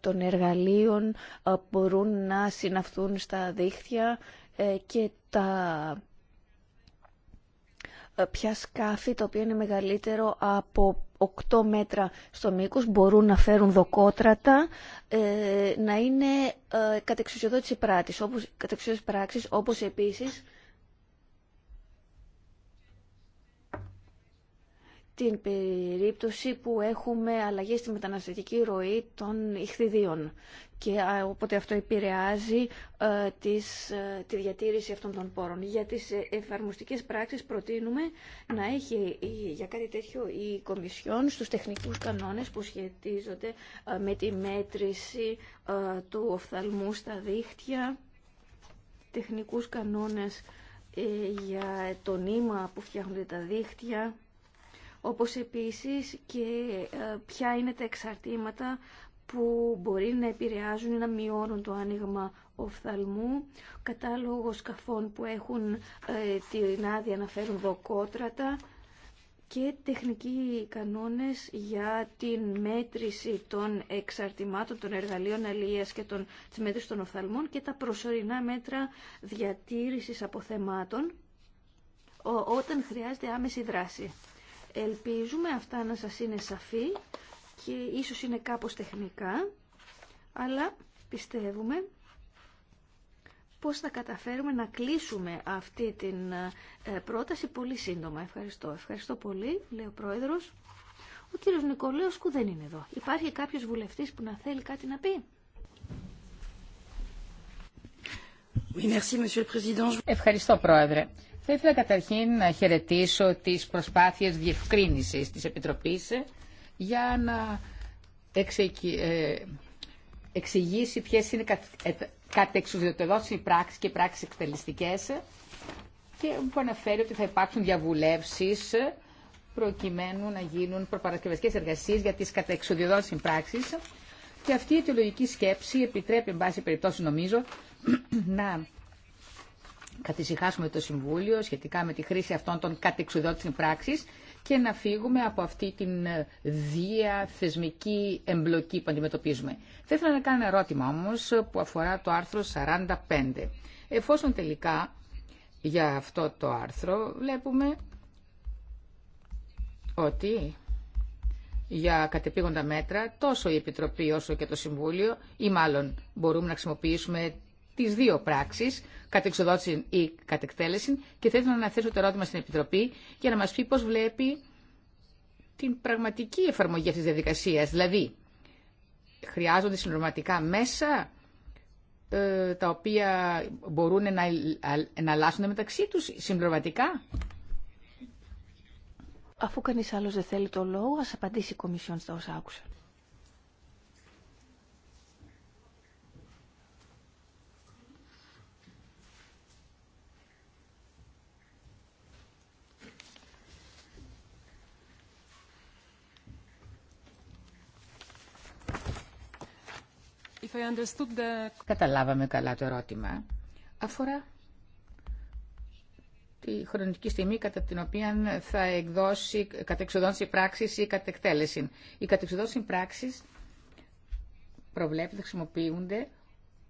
των εργαλείων που μπορούν να συναυθούν στα δίχτυα και τα ε, πια σκάφη τα οποία είναι μεγαλύτερο από 8 μέτρα στο μήκος μπορούν να φέρουν δοκότρατα ε, να είναι ε, κατεξουσιοδότηση πράξης όπως, κατεξουσιοδότηση πράξης, όπως επίσης την περίπτωση που έχουμε αλλαγές στη μεταναστευτική ροή των ηχθιδίων και οπότε αυτό επηρεάζει ε, της, ε, τη διατήρηση αυτών των πόρων. Για τις ε, εφαρμοστικές πράξεις προτείνουμε να έχει για κάτι τέτοιο η Κομισιόν στους τεχνικούς κανόνες που σχετίζονται με τη μέτρηση του οφθαλμού στα δίχτυα, τεχνικούς κανόνες για το νήμα που φτιάχνονται τα δίχτυα, όπως επίσης και ε, ποια είναι τα εξαρτήματα που μπορεί να επηρεάζουν ή να μειώνουν το άνοιγμα οφθαλμού, κατάλογο σκαφών που έχουν ε, την άδεια να φέρουν δοκότρατα και τεχνικοί κανόνες για την μέτρηση των εξαρτημάτων των εργαλείων αλίας και των, της μέτρησης των οφθαλμών και τα προσωρινά μέτρα διατήρησης αποθεμάτων ό, όταν χρειάζεται άμεση δράση. Ελπίζουμε αυτά να σας είναι σαφή και ίσως είναι κάπως τεχνικά, αλλά πιστεύουμε πώς θα καταφέρουμε να κλείσουμε αυτή την ε, πρόταση πολύ σύντομα. Ευχαριστώ. Ευχαριστώ πολύ, λέει ο Πρόεδρος. Ο κύριος Νικολέος που δεν είναι εδώ. Υπάρχει κάποιος βουλευτής που να θέλει κάτι να πει. Ευχαριστώ, Πρόεδρε. Θα ήθελα καταρχήν να χαιρετήσω τις προσπάθειες διευκρίνησης της Επιτροπής για να ε, εξηγήσει ποιες είναι ε, οι πράξεις και πράξεις εκτελεστικές και που αναφέρει ότι θα υπάρξουν διαβουλεύσεις προκειμένου να γίνουν προπαρασκευαστικές εργασίες για τις οι πράξεις και αυτή η αιτιολογική σκέψη επιτρέπει, εν πάση περιπτώσει νομίζω, <clears throat> να κατησυχάσουμε το Συμβούλιο σχετικά με τη χρήση αυτών των κατεξουδότητων πράξης και να φύγουμε από αυτή την δία ε, εμπλοκή που αντιμετωπίζουμε. Θα ήθελα να κάνω ένα ερώτημα όμως ε, που αφορά το άρθρο 45. Εφόσον τελικά για αυτό το άρθρο βλέπουμε ότι για κατεπήγοντα μέτρα τόσο η Επιτροπή όσο και το Συμβούλιο ή μάλλον μπορούμε να χρησιμοποιήσουμε τις δύο πράξεις, κατεξοδότηση ή κατεκτέλεση, και θα να θέσω το ερώτημα στην Επιτροπή για να μας πει πώς βλέπει την πραγματική εφαρμογή αυτή τη διαδικασία. Δηλαδή, χρειάζονται συνορματικά μέσα ε, τα οποία μπορούν να εναλλάσσονται μεταξύ τους συμπληρωματικά. Αφού κανείς άλλος δεν θέλει το λόγο, ας απαντήσει η Κομισιόν στα όσα Καταλάβαμε καλά το ερώτημα. Αφορά τη χρονική στιγμή κατά την οποία θα εκδώσει κατεξοδόνση πράξης ή κατεκτέλεση. Οι πράξης πράξης προβλέπεται, χρησιμοποιούνται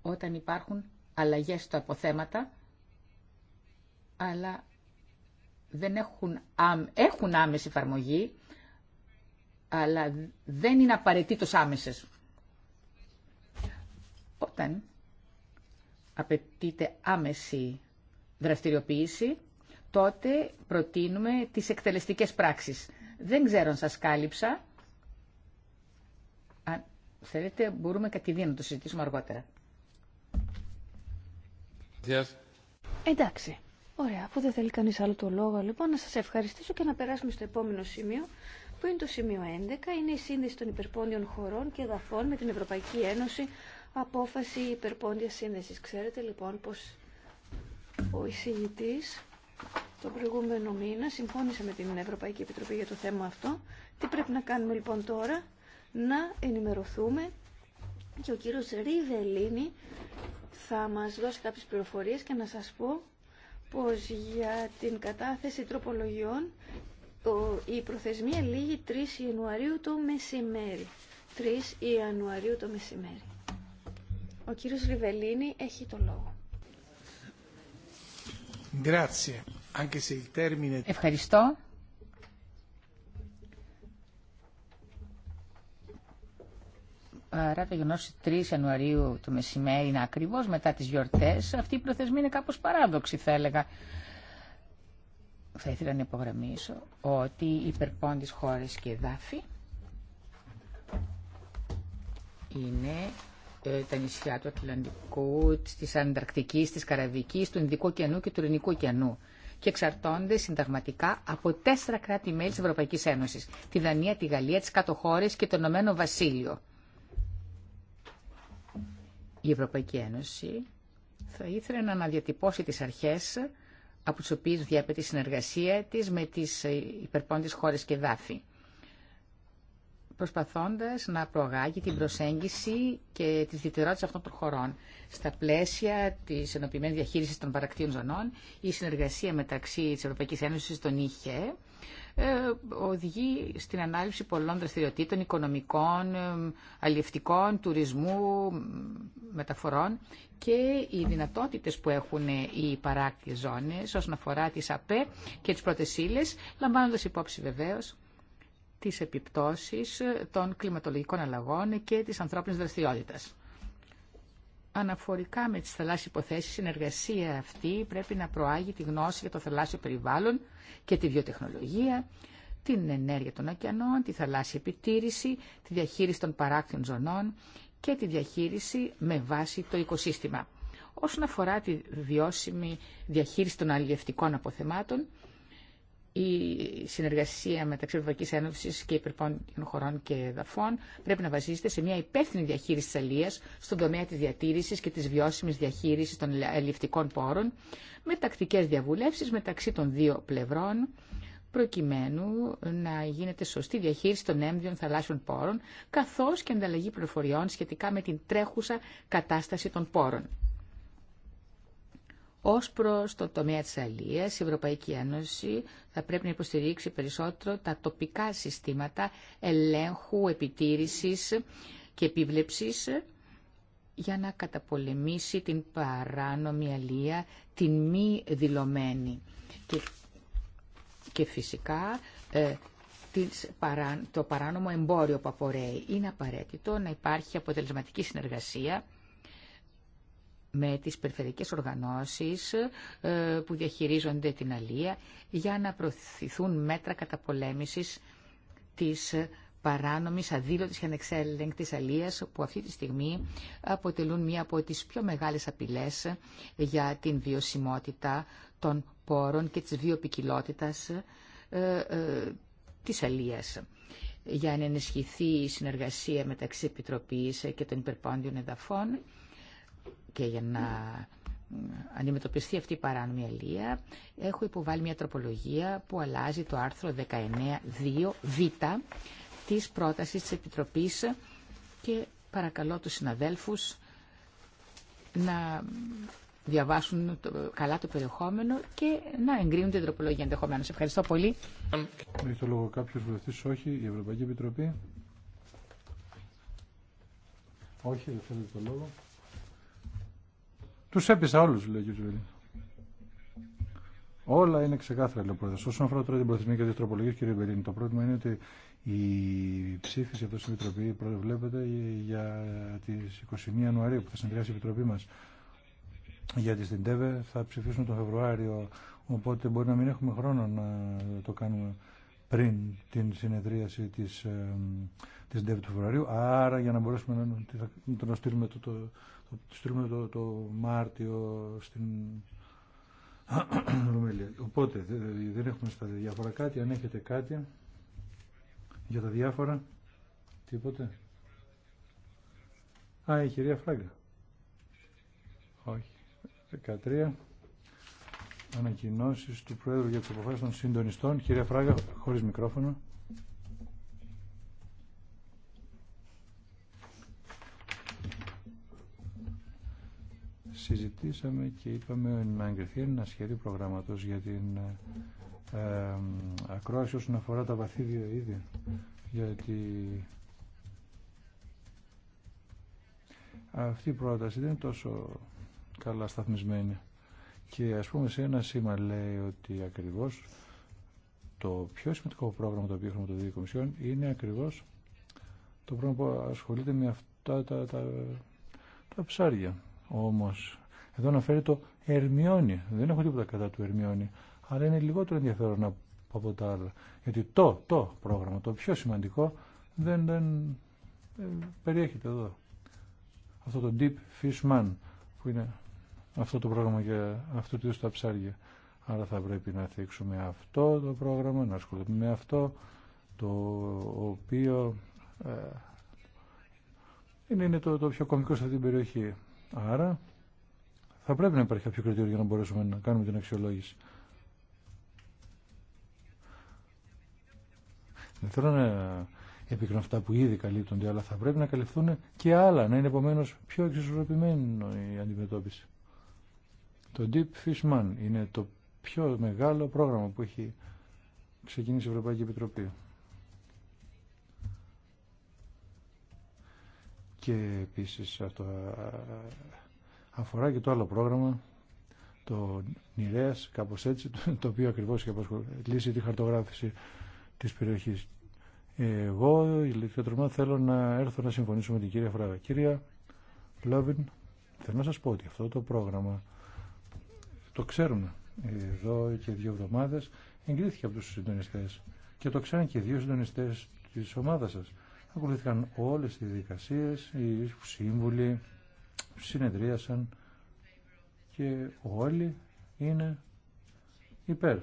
όταν υπάρχουν αλλαγές στα αποθέματα, αλλά δεν έχουν, έχουν άμεση εφαρμογή, αλλά δεν είναι απαραίτητο άμεσες. Όταν απαιτείται άμεση δραστηριοποίηση, τότε προτείνουμε τις εκτελεστικές πράξεις. Δεν ξέρω αν σας κάλυψα. Αν θέλετε, μπορούμε κατηδίαν να το συζητήσουμε αργότερα. Εντάξει. Ωραία, αφού δεν θέλει κανείς άλλο το λόγο, λοιπόν, να σας ευχαριστήσω και να περάσουμε στο επόμενο σημείο, που είναι το σημείο 11, είναι η σύνδεση των υπερπόνιων χωρών και εδαφών με την Ευρωπαϊκή Ένωση απόφαση υπερπόντιας σύνδεσης. Ξέρετε λοιπόν πως ο εισηγητής τον προηγούμενο μήνα συμφώνησε με την Ευρωπαϊκή Επιτροπή για το θέμα αυτό. Τι πρέπει να κάνουμε λοιπόν τώρα, να ενημερωθούμε και ο κύριος Ριβελίνη θα μας δώσει κάποιες πληροφορίες και να σας πω πως για την κατάθεση τροπολογιών η προθεσμία λήγει 3 Ιανουαρίου το μεσημέρι. 3 Ιανουαρίου το μεσημέρι. Ο κύριος Ριβελίνη έχει το λόγο. Ευχαριστώ. Άρα το γεγονό 3 Ιανουαρίου το μεσημέρι είναι ακριβώ μετά τι γιορτέ. Αυτή η προθεσμία είναι κάπω παράδοξη, θα έλεγα. Θα ήθελα να υπογραμμίσω ότι οι υπερπώντε χώρε και εδάφη είναι ε, τα νησιά του Ατλαντικού, της Ανταρκτική, της Καραβική, του Ινδικού ωκεανού και του Ειρηνικού ωκεανού και εξαρτώνται συνταγματικά από τέσσερα κράτη-μέλη της Ευρωπαϊκής Ένωσης, τη Δανία, τη Γαλλία, τις κάτω και το Ηνωμένο Βασίλειο. Η Ευρωπαϊκή Ένωση θα ήθελε να αναδιατυπώσει τις αρχές από τι οποίε διέπεται η συνεργασία τη με τι ε, υπερπόντες χώρε και δάφη προσπαθώντας να προαγάγει την προσέγγιση και τις διτερότητε αυτών των χωρών. Στα πλαίσια τη ενωπημένη διαχείρισης των παρακτήων ζωνών, η συνεργασία μεταξύ της Ευρωπαϊκής Ένωσης των ΙΧΕ ε, οδηγεί στην ανάληψη πολλών δραστηριοτήτων, οικονομικών, ε, αλληλευτικών, τουρισμού, μεταφορών και οι δυνατότητες που έχουν οι παράκτιες ζώνες όσον αφορά τις ΑΠΕ και τις πρώτες ύλες, λαμβάνοντας υπόψη βεβαίως τις επιπτώσεις των κλιματολογικών αλλαγών και της ανθρώπινης δραστηριότητας. Αναφορικά με τις θαλάσσιες υποθέσεις, η συνεργασία αυτή πρέπει να προάγει τη γνώση για το θαλάσσιο περιβάλλον και τη βιοτεχνολογία, την ενέργεια των ωκεανών, τη θαλάσσια επιτήρηση, τη διαχείριση των παράκτιων ζωνών και τη διαχείριση με βάση το οικοσύστημα. Όσον αφορά τη βιώσιμη διαχείριση των αλλιευτικών αποθεμάτων, η συνεργασία μεταξύ Ευρωπαϊκή Ένωση και υπερπών χωρών και εδαφών πρέπει να βασίζεται σε μια υπεύθυνη διαχείριση τη αλληλεία στον τομέα τη διατήρηση και τη βιώσιμη διαχείριση των ελληνικών πόρων με τακτικέ διαβουλεύσει μεταξύ των δύο πλευρών προκειμένου να γίνεται σωστή διαχείριση των έμβιων θαλάσσιων πόρων καθώς και ανταλλαγή πληροφοριών σχετικά με την τρέχουσα κατάσταση των πόρων. Ω προ το τομέα τη αλίας, η Ευρωπαϊκή Ένωση θα πρέπει να υποστηρίξει περισσότερο τα τοπικά συστήματα ελέγχου, επιτήρησης και επίβλεψή για να καταπολεμήσει την παράνομη αλία, την μη δηλωμένη και, φυσικά ε, το παράνομο εμπόριο που απορρέει. Είναι απαραίτητο να υπάρχει αποτελεσματική συνεργασία με τις περιφερειακές οργανώσεις ε, που διαχειρίζονται την αλία για να προωθηθούν μέτρα καταπολέμησης της παράνομης, αδήλωτης και ανεξέλεγκτης αλίας που αυτή τη στιγμή αποτελούν μία από τις πιο μεγάλες απειλές για την βιωσιμότητα των πόρων και της βιοπικιλότητας ε, ε, της αλίας για να ενισχυθεί η συνεργασία μεταξύ Επιτροπής και των υπερπόντιων εδαφών και για να αντιμετωπιστεί αυτή η παράνομη αλία, έχω υποβάλει μια τροπολογία που αλλάζει το άρθρο 19.2 β της πρότασης της Επιτροπής και παρακαλώ τους συναδέλφους να διαβάσουν καλά το περιεχόμενο και να εγκρίνουν την τροπολογία ενδεχομένω. Ευχαριστώ πολύ. Έχει το λόγο κάποιος όχι, η Ευρωπαϊκή Επιτροπή. Όχι, δεν θέλετε το λόγο. Τους έπεισα όλους, λέει ο κ. Όλα είναι ξεκάθαρα, λέει ο πρόεδρο. Όσον αφορά τώρα την προθυμία και τι τροπολογίε, κ. Βελίνη, το πρόβλημα είναι ότι η ψήφιση αυτή την Επιτροπή προβλέπεται για τι 21 Ιανουαρίου που θα συνεδριάσει η Επιτροπή μα. Γιατί στην ΤΕΒΕ θα ψηφίσουν τον Φεβρουάριο, οπότε μπορεί να μην έχουμε χρόνο να το κάνουμε πριν την συνεδρίαση της, ε, της 9 του Φεβρουαρίου. Άρα για να μπορέσουμε να, το, να στείλουμε, το, το, το, το, το Μάρτιο στην Ολομέλεια. <coughs> Οπότε δεν έχουμε στα διάφορα κάτι. Αν έχετε κάτι για τα διάφορα, τίποτε. Α, η κυρία Φράγκα. Όχι. 13 ανακοινώσει του Πρόεδρου για τι αποφάσει των συντονιστών. Κυρία Φράγκα, χωρί μικρόφωνο. Συζητήσαμε και είπαμε να εγκριθεί ένα σχέδιο προγράμματο για την ε, ε, ακρόαση όσον αφορά τα βαθύδια είδη. Γιατί αυτή η πρόταση δεν είναι τόσο καλά σταθμισμένη. Και ας πούμε σε ένα σήμα λέει ότι ακριβώς το πιο σημαντικό πρόγραμμα το οποίο το η Κομισιόν είναι ακριβώς το πρόγραμμα που ασχολείται με αυτά τα, ψάρια. Όμως εδώ αναφέρει το Ερμιόνι. Δεν έχω τίποτα κατά του Ερμιόνι. Αλλά είναι λιγότερο ενδιαφέρον από τα άλλα. Γιατί το, το πρόγραμμα, το πιο σημαντικό, δεν, δεν περιέχεται εδώ. Αυτό το Deep Fish Man που είναι αυτό το πρόγραμμα για αυτού του τα ψάρια. Άρα θα πρέπει να θίξουμε αυτό το πρόγραμμα, να ασχοληθούμε με αυτό, το οποίο ε, είναι, είναι το, το πιο κομικό σε αυτή την περιοχή. Άρα θα πρέπει να υπάρχει κάποιο κριτήριο για να μπορέσουμε να κάνουμε την αξιολόγηση. Δεν θέλω να επικρίνω αυτά που ήδη καλύπτονται, αλλά θα πρέπει να καλυφθούν και άλλα, να είναι επομένω πιο εξισορροπημένη η αντιμετώπιση. Το Deep Fish Man είναι το πιο μεγάλο πρόγραμμα που έχει ξεκινήσει η Ευρωπαϊκή Επιτροπή. Και επίσης αυτό αφορά και το άλλο πρόγραμμα, το Νηρέας, κάπως έτσι, το οποίο ακριβώς και λύσει τη χαρτογράφηση της περιοχής. Εγώ, ηλεκτροτρομά, θέλω να έρθω να συμφωνήσω με την κυρία Φράγα. Κυρία Λόβιν θέλω να σας πω ότι αυτό το πρόγραμμα το ξέρουμε. Εδώ και δύο εβδομάδες εγκρίθηκε από τους συντονιστές και το ξέραν και δύο συντονιστές της ομάδας σας. Ακολουθήθηκαν όλες οι διαδικασίες, οι σύμβουλοι συνεδρίασαν και όλοι είναι υπέρ.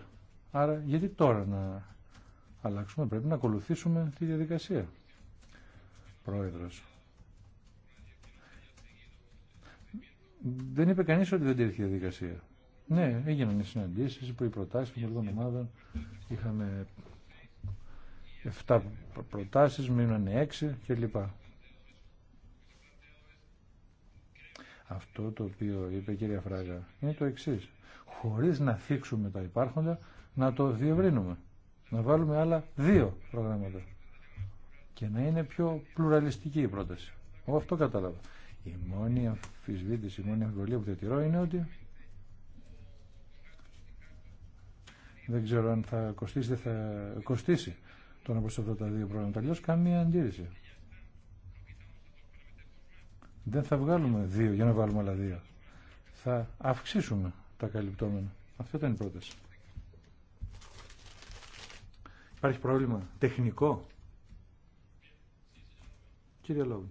Άρα γιατί τώρα να αλλάξουμε, πρέπει να ακολουθήσουμε τη διαδικασία. Πρόεδρος. Δεν είπε κανείς ότι δεν τήρηθηκε η διαδικασία. Ναι, έγιναν οι συναντήσεις που οι προτάσεις των πολιτικών ομάδων είχαμε 7 προτάσεις, μείνανε 6 κλπ. Αυτό το οποίο είπε η κυρία Φράγα είναι το εξή. Χωρίς να θίξουμε τα υπάρχοντα, να το διευρύνουμε. Να βάλουμε άλλα δύο προγράμματα. Και να είναι πιο πλουραλιστική η πρόταση. Εγώ αυτό κατάλαβα. Η μόνη αμφισβήτηση, η μόνη αμφιβολία που διατηρώ είναι ότι Δεν ξέρω αν θα κοστίσει, δεν θα κοστίσει το να προσθέτω τα δύο προγράμματα. Αλλιώ καμία αντίρρηση. Δεν θα βγάλουμε δύο για να βάλουμε άλλα δύο. Θα αυξήσουμε τα καλυπτόμενα. Αυτό ήταν η πρόταση. Υπάρχει πρόβλημα τεχνικό. Κύριε Λόβιν.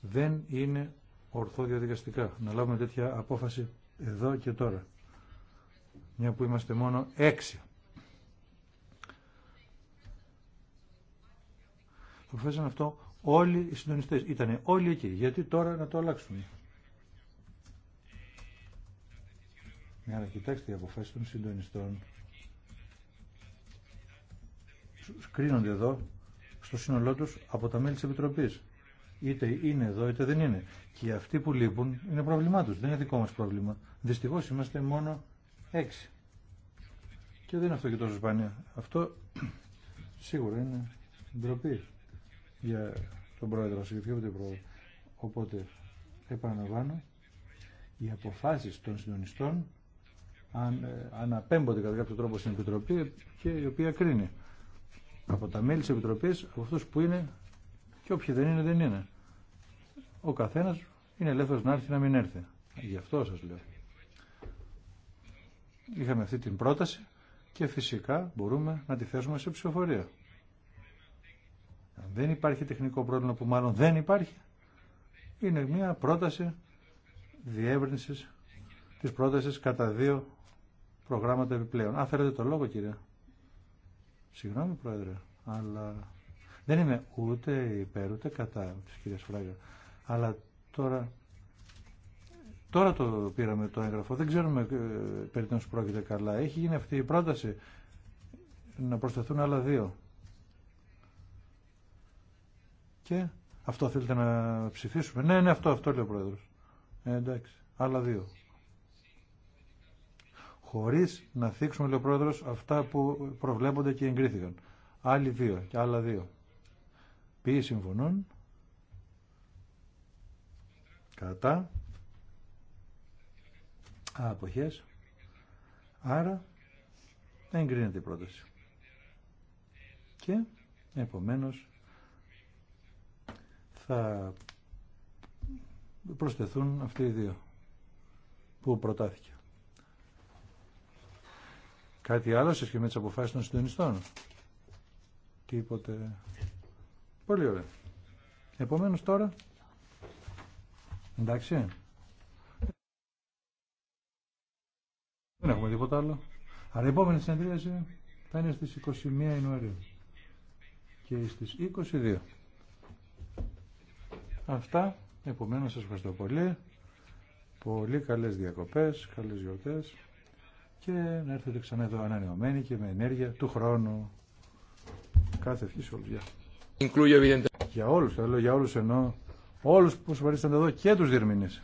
Δεν είναι ορθό διαδικαστικά να λάβουμε τέτοια απόφαση εδώ και τώρα μια που είμαστε μόνο έξι. Το αποφάσισαν αυτό όλοι οι συντονιστές. Ήτανε όλοι εκεί. Γιατί τώρα να το αλλάξουμε. Ναι, αλλά κοιτάξτε, οι αποφάσεις των συντονιστών κρίνονται εδώ στο σύνολό τους από τα μέλη της Επιτροπής. Είτε είναι εδώ, είτε δεν είναι. Και αυτοί που λείπουν είναι πρόβλημά τους. Δεν είναι δικό μας πρόβλημα. Δυστυχώς είμαστε μόνο Έξι. Και δεν είναι αυτό και τόσο σπανία. Αυτό <clears throat> σίγουρα είναι ντροπή για τον πρόεδρο, σε οποιοδήποτε πρόεδρο. Οπότε, επαναλαμβάνω, οι αποφάσει των συντονιστών αν, ε, αναπέμπονται κατά κάποιο τρόπο στην Επιτροπή και η οποία κρίνει από τα μέλη της Επιτροπής, από αυτούς που είναι και όποιοι δεν είναι, δεν είναι. Ο καθένας είναι ελεύθερος να έρθει να μην έρθει. Γι' αυτό σας λέω είχαμε αυτή την πρόταση και φυσικά μπορούμε να τη θέσουμε σε ψηφοφορία. Αν δεν υπάρχει τεχνικό πρόβλημα που μάλλον δεν υπάρχει, είναι μια πρόταση διεύρυνσης της πρότασης κατά δύο προγράμματα επιπλέον. Αφέρετε το λόγο κύριε. Συγγνώμη πρόεδρε, αλλά δεν είμαι ούτε υπέρ ούτε κατά της κυρίας Φράγκα. Αλλά τώρα Τώρα το πήραμε το έγγραφο. Δεν ξέρουμε ε, περί τίνο πρόκειται καλά. Έχει γίνει αυτή η πρόταση να προσθεθούν άλλα δύο. Και αυτό θέλετε να ψηφίσουμε. Ναι, ναι, αυτό, αυτό λέει ο Πρόεδρος. Ε, εντάξει, άλλα δύο. Χωρίς να θίξουμε, λέει ο Πρόεδρος, αυτά που προβλέπονται και εγκρίθηκαν. Άλλοι δύο και άλλα δύο. Ποιοι συμφωνούν. Κατά αποχές άρα εγκρίνεται η πρόταση και επομένως θα προσθεθούν αυτοί οι δύο που προτάθηκε. Κάτι άλλο σε σχέση με τις αποφάσεις των συντονιστών. Τίποτε. Πολύ ωραία. Επομένως τώρα. Εντάξει. Δεν έχουμε τίποτα άλλο. αλλά η επόμενη συνεδρίαση θα είναι στις 21 Ιανουαρίου και στις 22. Αυτά. Επομένως σας ευχαριστώ πολύ. Πολύ καλές διακοπές, καλές γιορτές και να έρθετε ξανά εδώ ανανεωμένοι και με ενέργεια του χρόνου. Κάθε ευχή σε όλους. Για όλους, θα λέω για όλους ενώ Όλους που εδώ και τους διερμηνείς.